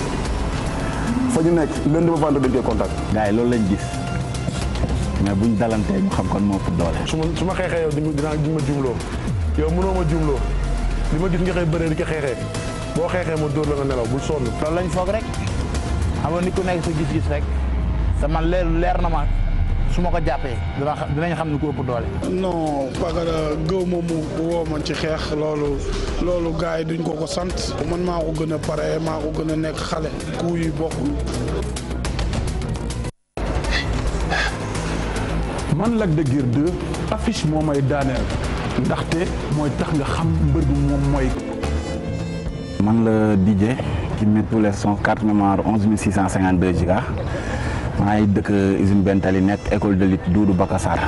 fa ñu nekk lundi ba vendredi dañ koy contact. gars loolu lañ gis. mais buñ dalantee ñu xam kon moo ëpp doole. su ma su ma xeexee yow dinaa di jumloo yow mënoo ma jumloo. li ma gis nga xëy bëree di ko xeexee boo xeexee ma dóor la nga nelaw bu sonn. loolu lañ foog rek xam nga ni ku nekk sa gis-gis rek te man leer leer na ma su ma ko jàppee dina dinañ xam ne ko ëpp doole. non parce que gëw ma mu woo man ci xeex loolu loolu gars yi duñ ko ko sant man maa ko gën a pare maa ko gën a nekk xale ku yi bokkul. man Lac de Guiers 2 affiche daaneel. ndaxte mooy tax nga xam mbër bi moom mooy. man la ki DJ ci Mettoules son carte mémoire 11652 giga maa ngi dëkk usine Bentali nekk école de lutte Doudou Bakassar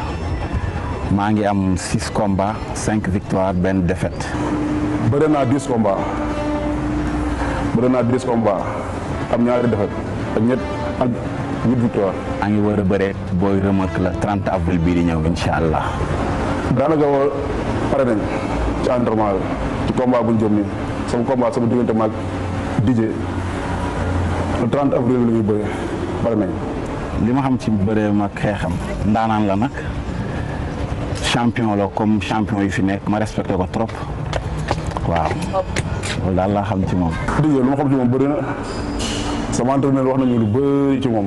maa ngi am six combats cinq victoires benn défaite. bëri naa dix combats naa dix combats am ñaari défaite ak ñett ak huit victoire. maa ngi war a bëree booy remarque la 30 avril bii di ñëw incha allah. daanaka pare nañ ci entraînement bi ci combat bu ñu jëm nii sama combat sama diggante maag Didier le 30 avril la ñuy bëree pare nañ. li ma xam ci bëree ma xeexam ndaanaan la nag champion la comme champion yi fi nekk ma respecté ko trop waaw loolu daal laa xam ci moom. Didier lu ma xam ci moom bëri na sama entraîneur wax nañu lu bëri ci moom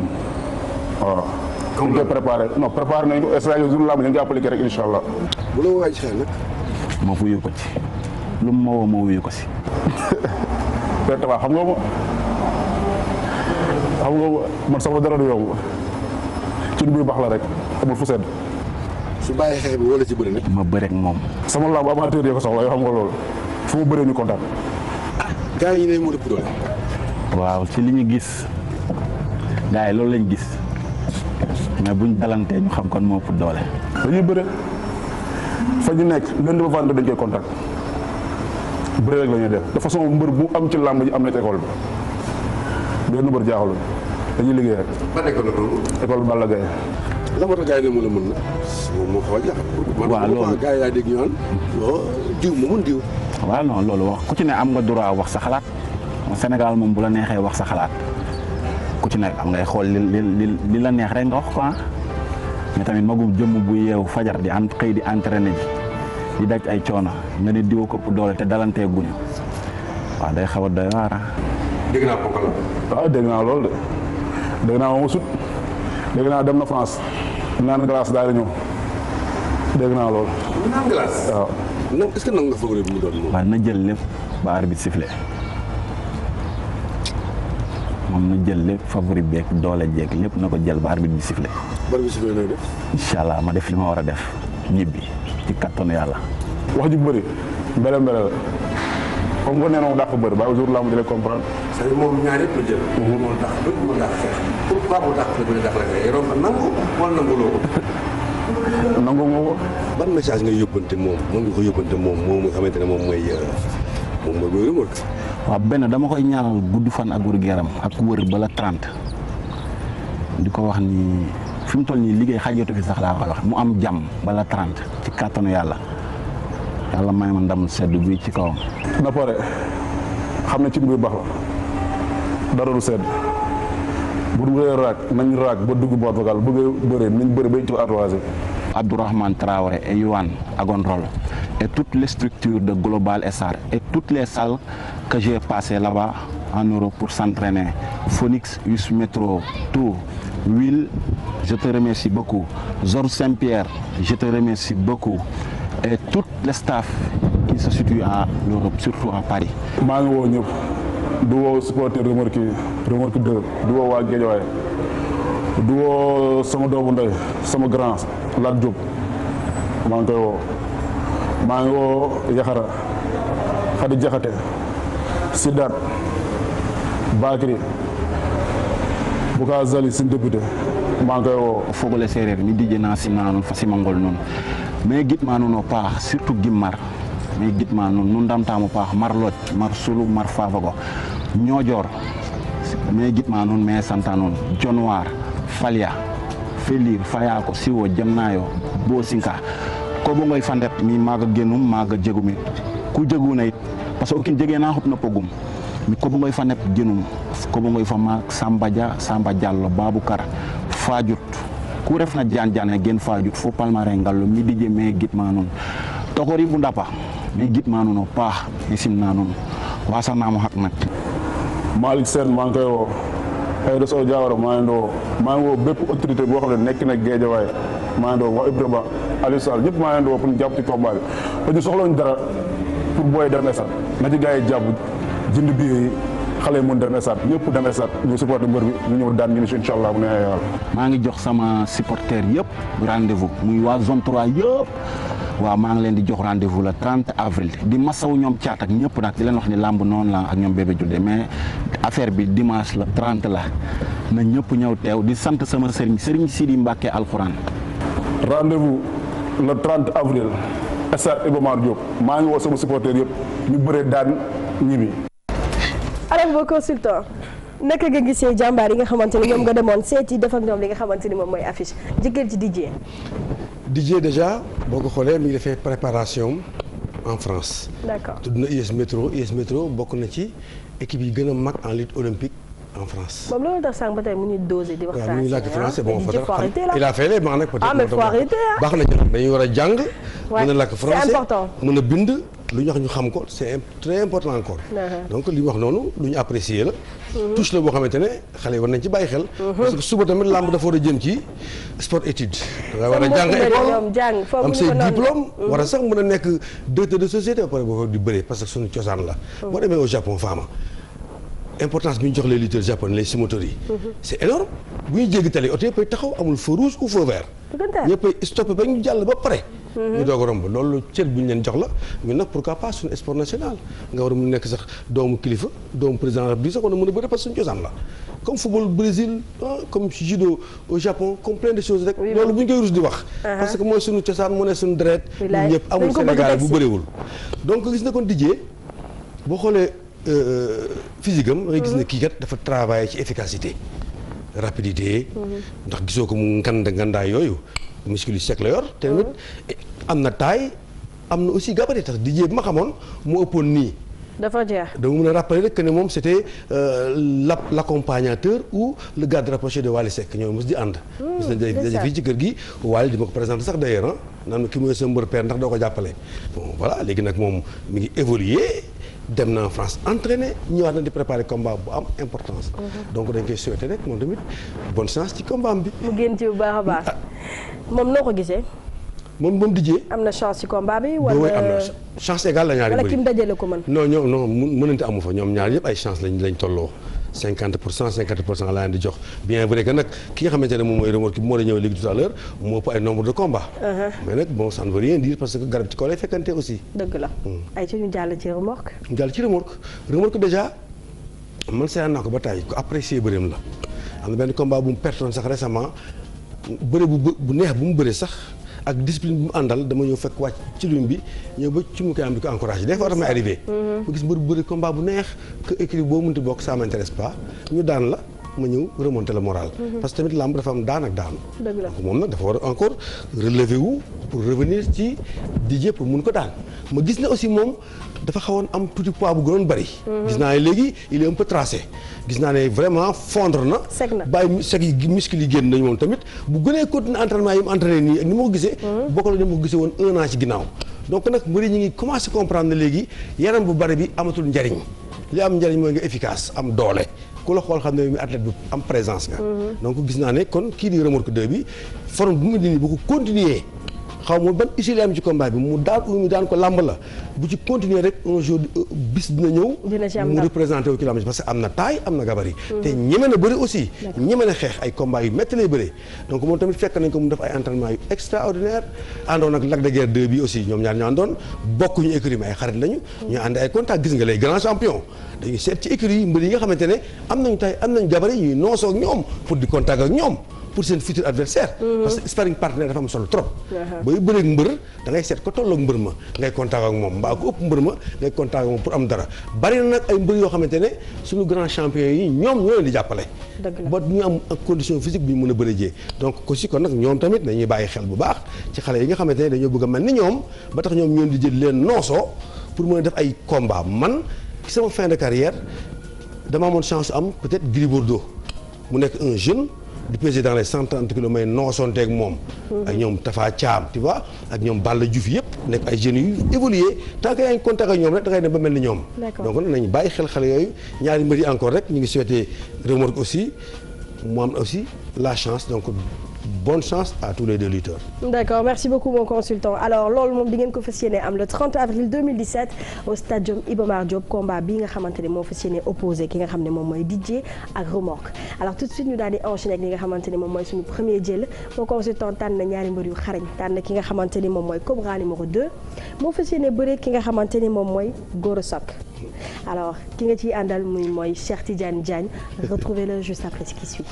waaw. comme dañ koy préparé non préparé nañ ko stratégie suñu làmb dañ koy appliqué rek incha allah. bu ci xel nag. ma wuyu ko ci lu mu ma woo ma wuyu ko si. Père Tapha xam nga ma xam nga sama dara du yomb ci lu muy baax la rek amul fu su bàyyi xeex bi wala ci moom. sama làmb amateur yi ko soxla yoo xam nga loolu fu mu bëree ñu kontaan. Ah, gars yi ne moo ëpp doole. waaw ci li ñu gis gars yi loolu lañ gis. mais buñ dalantee ñu xam kon moo ëpp doole. dañuy bëre ñu nekk lundi ba vendredi dañ koy contact bëre rek la mbër bu am ci làmb ji am na ci école dañuy liggéey rek. ban école la loolu. école Balla Gaye. lan moo mu mun diw. waaw non ku ci ne am nga droit wax sa xalaat Sénégal moom bu la neexee wax sa xalaat. ku ci nekk am ngay xool li la neex rek nga wax quoi mais tamit magum jëmm bu yeewu fajar di ant xëy di entraîné ji di daj ay coono nga ne diwa ko doole te dalantee guñu waaw day xaw a doy waar. Ah. dégg naa ko ah, naa de dégg naa moom sut dégg naa dem na France naan glace daal di ñëw dégg naa loolu. naan na jël lépp ba arbitre sifflé. xam na jël lépp favori beeg doole jeeg lépp na ko jël ba arbitre bi sifflé. bari bi sifflé lay def. incha allah ma def li ma war a def ñibbi ci kattanu yàlla. wax ju bëri mbele mbele la comme que nee na mu dàq bëri ba jour mu di comprendre. c'est moom ñaar yëpp mhm. ko. nangu ngay yóbbante moom mën moom moom nga xamante ne moom mooy euh, moom mooy waaw benn dama koy ñaanal gudd fan ak wér geeram ak wër bala 30 di ko wax ni fi mu toll nii liggéey xajatu fi sax laa koy wax mu am jàmm bala 30 ci kàttanu yàlla yàlla may ma ndam sedd bi ci kawam. na pare xam ne ci biir baax la dara du sedd bu duggee raag nañ raag ba dugg boîte vocale bëggee bëre nañ bëre ba ci arroisé. Abdourahman Traoré et Yuan Agonrol et toutes les structures de Global SR et toutes les salles que j'ai passées là en Europe pour s'entraîner. Phoenix, US Metro, tout. Will, je te remercie beaucoup. Georges Saint-Pierre, je te remercie beaucoup. Et tout le staff qui se situe en Europe, surtout à Paris. Je suis supporter remorque, remorque 2, du woo sama doomu ndey sama grand Lat Diop maa ngi koy woo maa ngi woo Yaxara Xadi Jaxate Sidaat Bakri Bouka Zali suñu député maa ngi koy woo fogole séeréer mi dijje naa si maanoon fa si ngol noonu mais git maa noonu paax surtout gimmar mais git maa noonu nu ndamtaamu paax mar looj mar sulu mar faafago ñoojoor mais git maa noonu mais santaa noonu jonwaar falya felir faya ko siwo jamnayo bosinka ko bo ngoy fandet mi maga genum maga jegumi ku jeguna it parce que ki jegena hop na pogum mi ko bo ngoy fandet genum ko bo ngoy fama samba dia samba diallo babukar fajut ku refna jan jan gen fajut fo palmarin ngallo mi dije me gitma non tokori bu ndapa mi gitma non pa mi simna non wasanamo hak nak malik sen man koy wo Aïda Sow Diawara maa ngi doo maa ngi woo bépp autorité boo xam ne nekk na Guédiawaye maa ngi woo waa Ibrahima Aliou Sall ñëpp maa ngi woo pour ñu jàpp ci combat bi ba ñu soxlawuñ dara pour booy dem esat na ci gars yi jàpp jënd biir yi xale mun dem esat ñëpp dem esat ñu supporté mbër bi ñu ñëw daan ñu ni si incha allah maa ngi jox sama supporter yëpp rendez-vous muy waa zone 3 yëpp waaw maa ngi leen di jox rendez-vous le 30 avril di masaw ñoom caat ak ñëpp nag di leen wax ni làmb noonu la ak ñoom bébé julde mais affaire bi dimanche la trente la na ñëpp ñëw teew di sant sama sëriñ sëriñ Sidi Mbàkke alxuraan rendez-vous le 30 avril stade Iba Mar Diop maa ngi woo sama supporter yëpp ñu bëree daan ñibi naka nga gisee jàmbaar yi nga xamante ni ñoom nga demoon seeti def ak ñoom li nga xamante moom mooy affiche jëkkër ji Didier. Didier déjà boo ko xoolee mi ngi defee préparation en France. d'accord tudd na US Métro US Métro bokk na ci équipe yi gën a mag en lutte olympique. en France moom loolu tax sànq ba tey mu ngi dosé di wax. français waaw ah, français bon a fait baax nag peut-être. ah mais dañuy war a jàng. mën a làkk français c'est a bind. lu ñu wax ñu xam ko c' important encore. donc li wax noonu lu ñu apprécier la. Mhm. touche la boo xamante ne xale yi war nañ ci bàyyi xel. Mhm. parce que suba tamit làmb dafa war a jëm ci sport étude. da war a jàng école am say diplôme. Mhm. war a sax mën a nekk directeur de société ba pare boo di bëree parce que suñu cosaan la. boo demee au Japon faama. importance bi ñu jox les lutteurs japonais les sumotori yi. Mhm. c' énorme bu ñu jéggi tali oto yëpp amul feu rouge ou feu vert. ñëpp ay stoppé ba ñu jàll ba pare. Mhm. ñu doog a romb loolu cër bu ñu leen jox la ñu a mun nekk sax doomu kilifa doomu président de la sax war a mën a bëri parce que suñu uh-huh. mooy suñu cosaan mu ne suñu deret. ñëpp amul Sénégal bu bëriwul donc gis na kon boo xoolee. Euh, euh, physique am. dangay gis ne mhm. kii kat dafa travailler ci efficacité. rapidité. Mhm. ndax gisoo ko mu nganda ngandaay yooyu. muscle yu la yor. te tamit mhm. am na taille am na aussi gabarit tax di jéeg ma xamoon mu ëppoon nii. dafa jeex dama mën a rappeler rek que ne moom c' était la euh, l' accompagnateur ou le garde rapproché de Wally Seck ñoom mos di ànd. Hmm, mos nañu daje fii ci kër gi Wally di ma ko présenté sax d' ailleurs ah naan ki mooy sa mbër père ndax doo ko jàppale. bon voilà léegi nag mi ngi évoluer dem na France entraîné ñëwaat na di préparer combat bu am importance. Mhm. donc dañ koy souhaiter rek moom tamit bonne chance ci combat bi. mu génn ci bu baax a baax ah. moom noo ko gisee. moom moom Didier. am na chance ci combat bi wala booy am na chance égale la ñaari bëri wala kim dajale ko mën. non ñoom non mënante amu fa ñoom ñaar yëpp ay chance lañ lañ tolloo. 50 pour cent 50 pour di jox bien vrai que nag ki nga xamante ne moom mooy remorque bi moo la ñëw léegi tout à l'heure moo ëpp ay nombre de combats. Uh-huh. mais garab ci kaw lay fekkante aussi. dëgg la. Hmm. ay ci ñu jàll ci remorque. ñu jàll ci remorque remorque déjà man seetaan naa ko ba tàyyi ko apprécier bëreem la xam na benn combat bu mu pertoon sax récemment bëre bu bu neex bu mu bëree sax. ak discipline bu mu àndal dama ñëw fekk wàcc ci luñ bi ñëw ba ci mu koy am di ko encouragé des a damay arrivé. ma mm-hmm. gis mbër bu bëri combat bu neex que écrit boo mënti bokk ça m'intéresse pas ñu daan la. ma ñëw remonter le moral. Mm-hmm. parce que tamit dafa am daan ak daanu. moom nag dafa war a encore relever wu pour revenir ci Didier pour mun ko daan ma gis ne aussi moom dafa xawoon am tuuti poids bu gënoon bari. gis naa ne léegi il est un peu tracé. gis naa ne vraiment fondre na. sec na bàyyi sec yi muscle yi génn nañu moom tamit bu gënee continuer entraînement yi mu entraîné ni ma ko gisee. Hmm. bokkul woon un ginnaaw. donc nag mbir yi ngi commencé comprendre léegi yaram bu bari bi amatul njariñ li am njariñ mooy nga efficace am doole. ku la xool xam ne mi athlète bu am présence nga. Hmm. donc gis naa ne kon kii di remorque 2 bi forme bu mu indi nii bu ko continuer xaw ma ban usine la am ci combat bi mu daan lu ñu ko làmb la bu ci continuer rek un jour euh, bis dina ñëw mu représenté wu ci làmb parce que am na taille am na gabarit mm-hmm. te ñeme na bëri aussi ñeme na xeex yu métti lay bëri donc moom tamit fekk nañ ko mu def ay entraînement yu extraordinaire àndoon ak Lac de Guerre ñoom ñaar ñu àndoon bokk ñu écurie ay xarit mm-hmm. gis nga les grands champions dañuy seet ci écurie yi mbër yi nga xamante ne am nañu taille am nañu gabarit ñuy noosoo ak ñoom pour di contact ak ñoom pour seen futur adversaire mhm. parce que sparring partner dafa am solo trop uh-huh. booy bëreeg mbër da seet ko tolloog mbër ma ngay contact ak moom mbaa ko ëpp mbër ma ngay contact ak moom pour am dara bari nag ay mbër yoo xamante ne suñu grand champion yi ñoom ñoo leen di jàppale ba ñu am condition physique bi ñu mën a bëri jee donc aussi kon nag ñoom tamit dañuy bàyyi xel bu baax ci xale yi nga xamante ne dañoo bëgg a mel ni ñoom ba tax ñoom di jël leen noosoo pour mën a def ay combat man ci sama fin de carrière dama amoon chance am peut-être Gris Bordeaux di peser dans les cent trente kilos may noosonteeg moom. Mhm. ak ñoom Tafa Thiam tu vois ak ñoom Balla Diouf yëpp nekk ay jeunes yu évolué tant que yaa ngi contact ak ñoom rek dangay dem ba mel ni ñoom. donc nañu bàyyi xel xale yooyu ñaari mbir yi encore rek ñu ngi souhaité remorque aussi mu am aussi la chance donc. bonne chance à tous les deux lutteurs. D'accord, merci beaucoup mon consultant. Alors loolu moom di ko fas yéene am le 30 avril au stadium Iba Mar Diop bi nga moo fas yéene opposé ki nga xam ne moom mooy Didier ak Remorque. Alors tout de suite ñu daal di enchaîner ak li nga xamante ne moom mooy su premier jël mon consultant tànn na ñaari mbër yu xarañ tànn ki nga xamante ni moom mooy Cobra numéro 2 moo fas yéene bëree ki nga xamante ni moom mooy Goro Sock. Alors ki nga ciy àndal muy mooy Cheikh Tidiane Diagne retrouvez-le juste après ce qui suit.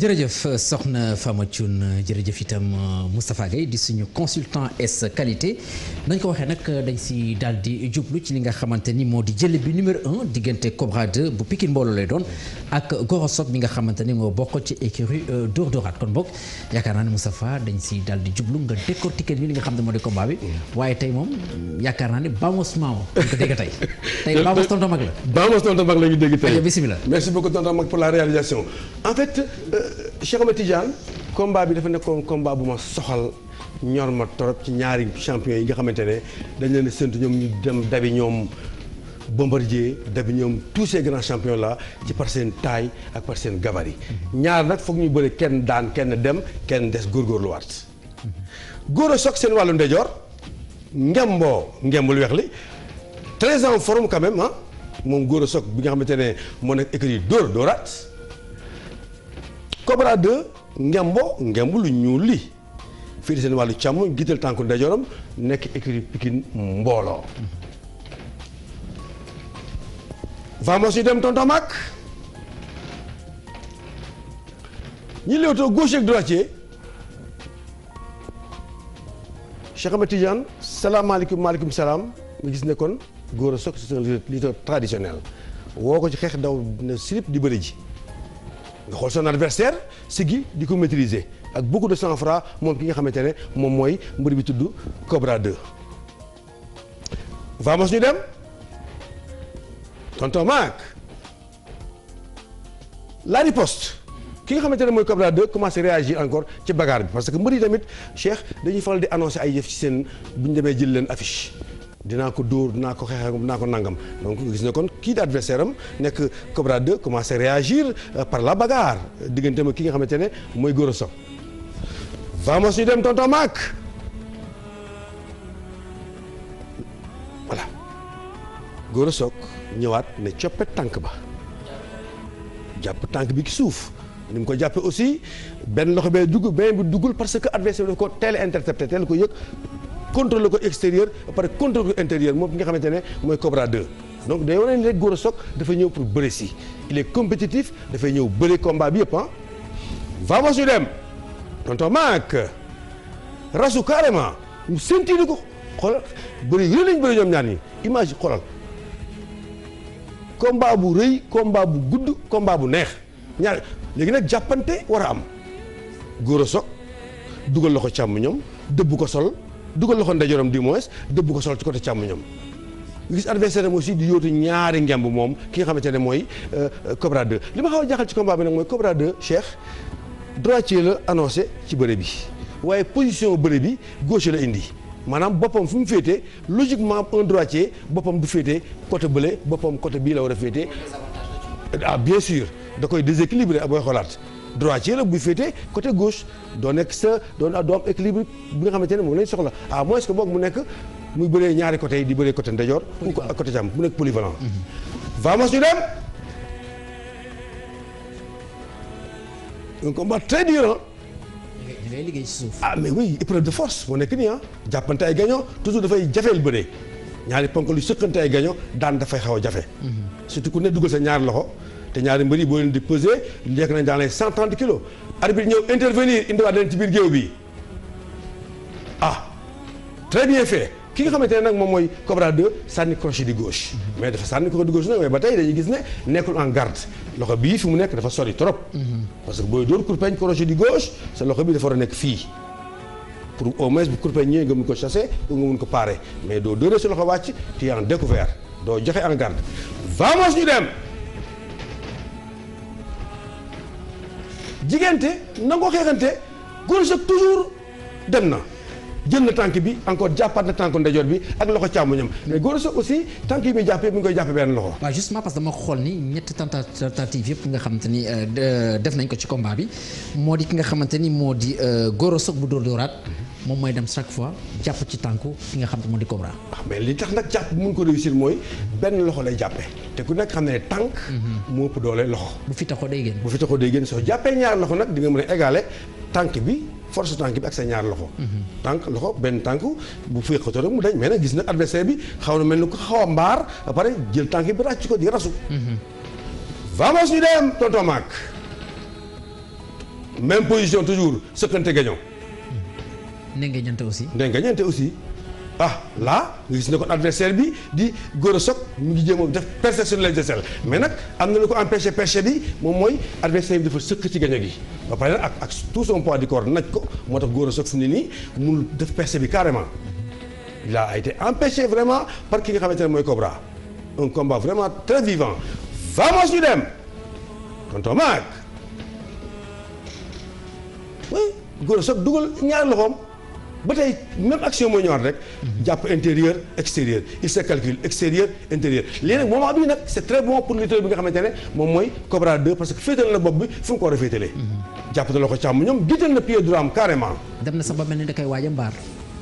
jërëjëf soxna Fama Thioune jërëjëf itam Moustapha Gueye di suñu consultant es qualité nañ ko waxee nag dañ si daal di jublu ci li nga xamante ni moo di jël bi numéro un diggante Cobra 2 bu Pikine mbooloo lay doon ak Gorosok bi nga xamante ni moo bokk ci écurie euh, Dóor Dóoraat kon bokk yaakaar naa ne Moustapha dañ si daal di jublu nga décortiquer bi li nga xam ne moo di combat bi waaye tey moom yaakaar naa ne Bamos Mao ñu ko dégg tey tey Bamos tonton mag la Bamos la ñu dégg tey bismillah merci beaucoup tonton mag Euh, Cheikh Ahmed Tidiane bi dafa nekkoon komba bu ma soxal ñor ma torop ci ñaari champion yi nga xamante ne dañ leen séntu ñoom ñu dem dabi ñoom Bombardier dabi ñoom tous ces grands champions là ci par seen taille ak par seen gabarit ñaar nag foog ñu bëri kenn daan kenn dem kenn des góorgóorluwaat góor a soog seen wàllu ndeyjoor ngemboo ngembul weex li très en forme quand même ah moom góor a bi nga xamante ne moo nekk écrit dóor dóoraat Cobra 2 ngembo lu ñuul li fii di seen wàllu càmm giital tànku ndeyjooram nekk écurie Pikine mbooloo vamos yu dem tonton Mac ñi léewtoo gauche droitier Cheikh Ahmed Tidiane salaamaaleykum maaleykum salaam nga gis nekkoon góor a sokk c'est un woo ko ci xeex daw na slip di bëri ji nga xool son adversaire sigi di ko maîtriser ak beaucoup de sang franc moom ki nga xamante ne moom mooy mbër bi tudd Cobra 2. Vamos ñu dem tonton Mac la riposte ki nga xamante ne mooy Cobra 2 commencé réagir encore ci bagarre bi parce que mbër yi tamit Cheikh dañuy faral di annoncer ay yëf ci seen bu ñu demee jël leen affiche. dinaa ko dóor dinaa ko xeex dinaa ko nangam donc gis na kon kii di adversaire am nekk Cobra 2 réagir euh, par la bagarre diggante ma ki nga xamante ne mooy Gora Sock vamos ñu dem tonton Mac voilà Gora Sock ñëwaat ne coppe tànk ba jàpp tànk bi ki suuf ni mu ko jàppee aussi benn loxo bee dugg benn bi duggul parce que adversaire bi daf ko teel a ko yëg contrôlé ko extérieur ba pare contrôlé ko intérieur moom ki nga xamante ne mooy Cobra 2. donc day wane ni rek a Sock dafa ñëw pour bëre si il est compétitif dafay ñëw bëre combat bi yëpp ah. vamos ñu dem tonton Mac rasu carrément mu sentiiru ko xoolal bëri yéen lañ bëri ñoom ñaar ñi image xoolal combat bu rëy combat bu gudd combat bu neex ñaar léegi nag jàppante war a am góor a Sock dugal loxo càmm ñoom dëbb ko sol. dugal loxo ndeyjooram du moins dëbb ko sol ci côté càmmoñam gis adversaire aussi di yóotu ñaari ngemb moom ki nga xamante ne mooy euh, Cobra li ma xaw a jaaxal ci combat bi nag mooy Cobra 2 Cheikh droitier la annoncé ci bëre bi waaye position bëre bi gauche la indi maanaam boppam fu mu féete logiquement un droitier boppam du féete côté bële boppam côté bii la war a féete ah, bien sûr da koy déséquilibré ah, booy xolaat ci la buy féete côté gauche doo nekk sa doo doo am équilibre bu nga xamante ne moom lañ soxla à moins que boog mu nekk muy bëree ñaari côté yi di bëree côté ndeyjoor ou côté jàmm mu nekk polyvalent mhm. Vamos ñu dem un combat ah, de force moo nekk nii ah jàppante ay gaño toujours dafay jafeel bëree ñaari ponk lu sëqante ay gaño daan dafay xaw a jafe mhm. surtout ku ne dugal sa ñaar loxo te ñaari mbër yi boo leen di pesé nekk nañ dans les cent trente kilos arbitre ñëw intervenir indiwaat leen biir géew bi ah très bien fait ki nga xamante ne nag moom mooy Cobra 2 sànni crochet di gauche mais dafa sànni crochet di gauche nag mais ba tey dañuy gis ne nekkul en garde loxo bii fi mu nekk dafa sori trop parce que booy dóor kurpeñ crochet di gauche sa loxo bi dafa war a nekk fii pour au moins bu kurpeñ ñëwee nga mun ko chassé pour nga mun ko paré mais doo dóoree sa loxo wàcc tu es en découvert doo joxe en jigéente nangoo xeexante góor soog toujours dem na jël na tànk bi encore jàppaat na tànk ndejoor bi ak loxo càmmoñam mais góor soog aussi tànk yi muy jàppee mu ngi koy jàppee benn loxo. waaw justement parce que dama xool ni ñetti tentative yëpp nga xamante ni euh, def nañ ko ci combat bi moo di ki nga xamante ni moo di euh, góor soog bu dóor dóoraat. moom mooy dem chaque fois jàpp ci tànku fi nga xam ne moo di Cobra. waaw ah, mais li tax nag jàpp mun ko réussir mooy benn loxo lay jàppee te ku nekk xam ne tànk. mu mhm. ëpp doole loxo. bu fi taxoo day génn. bu fi taxoo day génn soo jàppee ñaar loxo nag di nga mën a égaler tànk bi. force tànk bi ak sa ñaar loxo. Mhm. tànk loxo benn tànk bu féexatoo rek mu dañ gis nag adversaire bi xaw na mel ni ko xaw a mbaar a pare jël tànk bi ràcc ko di rasu. Mhm. vamos ñu dem tonton Maak. même position toujours sëkkante gañoo. ndengeñante aussi. nga ndengeñante aussi ah là gis ne ko adversaire bi di góor a mu ngi jéem a def percer sur les aisselles mais nag am na lu ko empêché perché bi moom mooy adversaire bi dafa sëq ci gaño gi. ba pare nag ak ak tout son poids du corps naj ko moo tax góor a soog fu ne nii mënul def perché bi carrément il a été empêché vraiment par ki nga xamante ne mooy Cobra un combat vraiment très vivant vamos ñu dem tonton Mag oui góor dugal ñaari loxoom. ba tey même action mooy ñëwaat rek jàpp intérieur extérieur il se calcule extérieur intérieur lii nag moment bii nag c'est très bon pour lutteur bi nga xamante ne moom mooy Cobra 2 parce que féetal na bopp bi fu ko war a féetalee jàppataloo ko càmm ñoom jiital na pied droit am carrément dem na sa ba mel ni da koy waaj a mbaar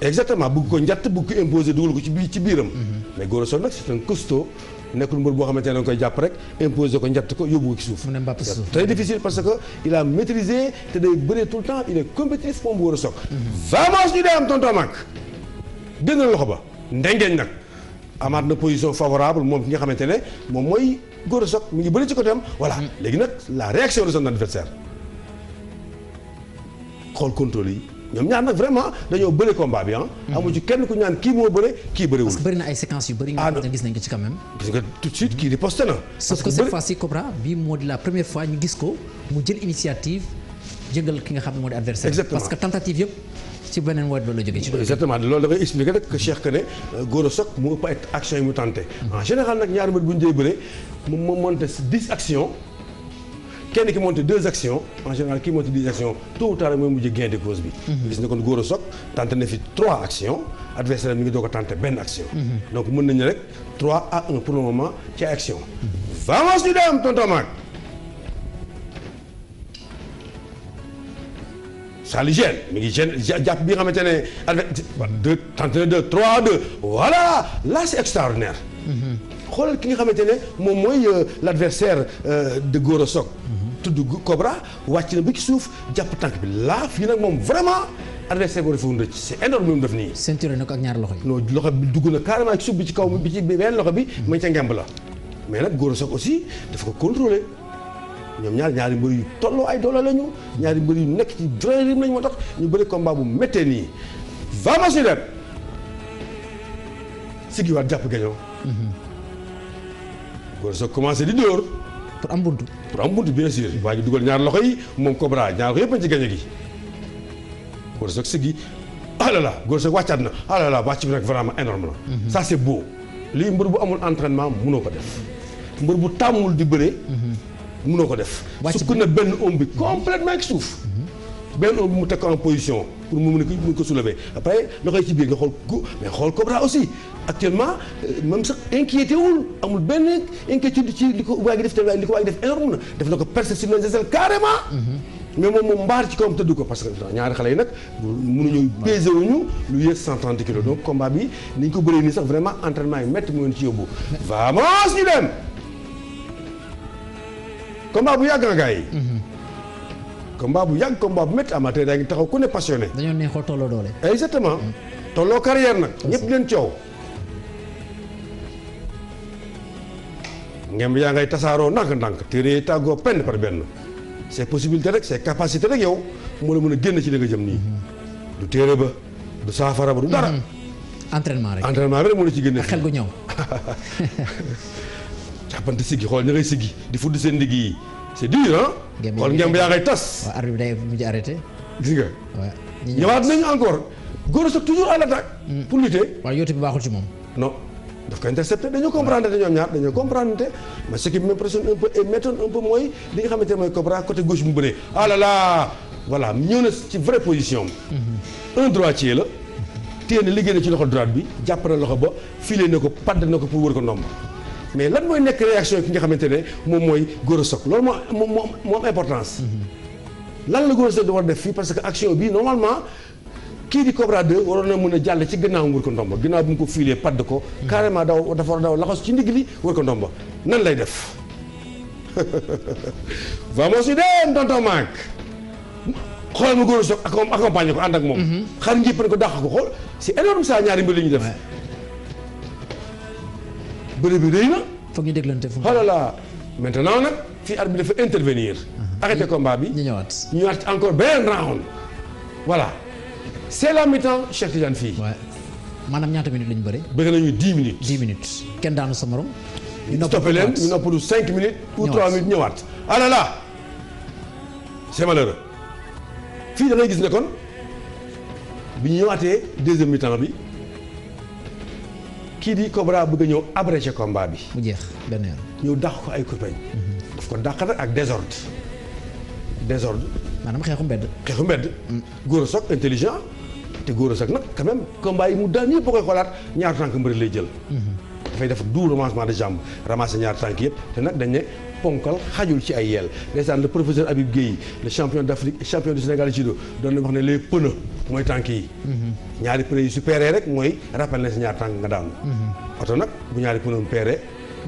exactement bëgg ko njatt bëgg ko imposer dugal ko ci biir ci biiram mais Gora Sock nag c'est un costaud nekkul mbër boo xamante ne dañ koy jàpp rek imposer ko njatt ko yóbbu ko ci suuf. très difficile parce que il a maîtrisé te day bëree tout le temps il est compétitif moom bu war a soog. Mhm. vraiment ñu dee am tonton Mag dégg loxo ba ndengeñ nag amaat na position favorable moom ki nga xamante ne moom mooy góor a mu ngi bëri ci côté am voilà mhm. léegi nag la réaction de son adversaire xool contrôle yi. ñoom ñaar nag vraiment dañoo bëre combat bi ah. Hmm. kenn ku ñaan kii moo bëre kii bërewul. parce que bëri na ay séquences yu bëri. ah nga gis nañ ko ci quand tout de suite kii riposte na. parce que cette moo di la première fois ñu gis ko mu jël initiative jëngal ki nga xam ne moo di adversaire. exactement parce que tentative yëpp. ci beneen woote ba la jógee ci. exactement loolu da ngay expliqué rek que Cheikh que ne euh, Gora Sock mu ëpp ay actions yi mu tenté. Hmm. général kenn ki monte deux actions en général ki monte deux actions tôt ou tard mooy mujj gain de cause bi. Mhm. gis na kon Gora Sock tenté na fi trois actions adversaire mi ngi doog a tenté benn action. Mhm. donc mën nañu rek trois à un pour le moment ci action. vamos ñu dem tonton Mag. Sali gène mi ngi gène jàpp bi xamante ne adver deux tenté trois deux voilà là c'est extraordinaire. Mhm. xoolal ki nga xamante ne moom mooy euh, l'adversaire euh, de Gora Sock tudd Cobra wàcc na bu ci suuf jàpp tànk bi laa fii nag moom vraiment adversaire boo defewul rëcc si énorme mu def nii. ceinture na ko ak ñaari loxo yi. non loxo bi dugg na carrément ci suuf bi ci kaw bi ci benn loxo bi. ma ca ngemb la. mais nag góor soog aussi dafa ko contrôler ñoom ñaar ñaari mbër yu tolloo ay doole la ñu ñaari mbër yu nekk ci vrai rythme lañ moo tax ñu bëri combat bu méttee nii. va ma si dem sigiwaat jàpp gañoo. góor soog commencé di dóor. pour am buntu. pour am buntu bien sûr waa ji dugal ñaar loxo yi moom Cobra ñaar loxo yëpp a ci gañe gi. góor-soog sigi ah là là góor wàccaat na ah wàcc bi nag vraiment énorme la. Mhm. ça c' est lii mbër bu amul entraînement mënoo ko def mbër bu tàmmul di bëre. mënoo mhm. ko def. wàcc na sukk na benn ombi complètement ak suuf. Mhm. benn ombi mu teg ko position. pour mu mun ko mun ko soulever après loxo yi ci biir nga xool gu mais xool Cobra aussi actuellement euh, même sax inquiété wul amul benn inquiétude ci li ko waa ngi def te li ko def énorme na def na ko percer sur les aisselles carrément mhm. mais moom moom mbaar ci kawam tëdd ko parce que ñaari xale yi nag mënuñu pesé wuñu lu yées cent trente kilos donc combat bi ni ñu ko bëree nii sax vraiment entraînement yi métti mu leen ci yóbbu vamos ñu dem combat bu yàgg yi mhm. combat bu yàgg combat bu métti amateur yaa ngi taxaw ku ne passionné. dañoo neexoo tolloo doole. exactement mm. tolloo carrière nag. ñëpp leen coow. ngem yaa ngay tasaaroo ndànk-ndànk téere yi tàggoo penn par benn c'est possibilité rek c'est capacité rek yow moo la mën a génn ci li nga jëm nii. Mm-hmm. du téere ba du saafara ba du dara. Mm-hmm. entraînement rek entraînement bi rek moo la ci génne. xel gu ñëw. jàppante siggi xool ña ngay siggi di fudd seen ndigg yi. c'est dur ah. kon ngeen yaa ngay tas. waaw arbitre bi day mujj arrêté. gis nga. nañu encore. Gora Sock toujours à l'attaque. Hmm. pour lutter. waaw yootu bi baaxul ci moom. no daf ko intercepté dañoo comprendre te ñoom ñaar dañoo comprendre te mais ce qui m'impressionne mooy li nga xamante ne mooy Cobra côté gauche mu bëree. ah là là ñëw na ci vraie position am. Hmm. un droitier la. téye na liggéey na ci loxo droite bi jàpp na loxo ba filé na ko padd na ko pour wër ko ndomba. mais lan mooy nekk réaction ki nga xamante ne moom mooy góor a soog loolu moo moo moo am importance. Mhm. lan la góor a soog di war def fii parce que action bi normalement kii di Cobra 2 na mën a jàll ci gannaaw wër ko ndomba gannaaw bu mu ko fiilee padd ko. Mhm. carrément daw dafa war a daw laxas ci ndigli wër ko ndomba nan lay def. vamos idem tonton Mag xool ma góor a soog accompagner ko ànd ak moom. Mhm. xar njëpp ko dàq ko xool c'est énorme ça ñaari mbir la ñuy def. bëri bi rëy na. foog ñu déglante fu mu xoolal maintenant nag fii arbitre bi dafa intervenir. Mhm. arrêté combat bi ñu ñëwaat. ñu ñëwaat encore benn round. voilà c'est la mi-temps Cheikh Tidiane fii. waaw maanaam ñaata minutes lañu bëri. bëri nañu dix minutes. dix minutes kenn daanu sa morom. ñu stoppé leen ñu noppalu cinq minutes. ou trois minutes ñëwaat. ah là là c'est fii da gis ne kon bi ñu ñëwaatee deuxième mi-temps bi. kii di Cobra bëgg ñëw abrégé combat bi. mu jeex benn yoon. ñëw dàq ko ay copain. Mhm. daf ko dàq nag ak désordre. désordre. maanaam xeexu mbedd. xeexu mbedd. Mm. góor a soog intelligent. te góor a soog nag quand même combat yi mu daan yëpp koy xoolaat ñaar tànk mbëri lay jël. Mhm. dafay def du ramassement de jambe ramasser ñaar tànk yëpp te nag dañ ne. ponkal xajul ci ay yel ndeysaan le professeur Habib Guèye le champion d'Afrique champion du Sénégal judo doon na wax ne les pneus mooy tànk yi mhm. ñaari pneus yi su peeree rek mooy rappel na si ñaar tànk nga daanu mhm. oto nag bu ñaari pneu mu peeree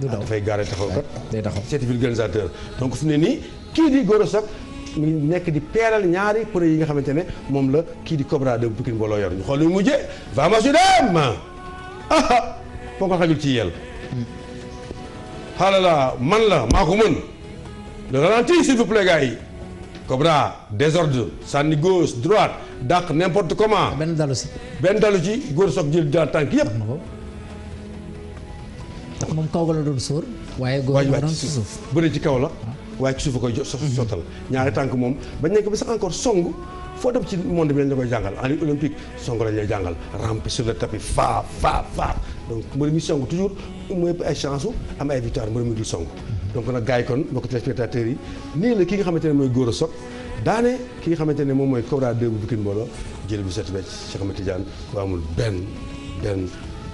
ah, dafay gaare taxaw kat day taxaw certifié organisateur donc fu ne nii kii di Gora Sock mu nekk di peeral ñaari pneu yi nga xamante ne moom la kii di Cobra de Pikine mbooloo yor ñu xool nu mujjee vama su dem ponkal xajul ci yel xaalala man la maa ko mën le ralenti s'il vous plaît Cobra désordre sànni gauche droit dàq n'importe comment. Ah, benn dalu si. benn dalu ci góor soog jël daan tànk yëpp. ndax moom kaw la doon sóor. waaye góor doon ci suuf bëri ci kaw la. waaye ci suuf a koy sottal ñaari tànk moom ba nekk ba sax encore song foo dem ci monde bi lañ la koy jàngal en olympique song lañ lay jàngal rampe sur le tapis faa faa faa donc mbër mi song toujours mooy ëpp ay chance am ay victoire mën a dul donc nag gars yi kon mbokk téléspectateurs yi nii la ki nga xamante ne mooy góor a soog daane ki nga xamante ne moom mooy Cobra 2 bu Pikine mbooloo jël bu set wecc Cheikh Ahmed Tidiane ko amul benn benn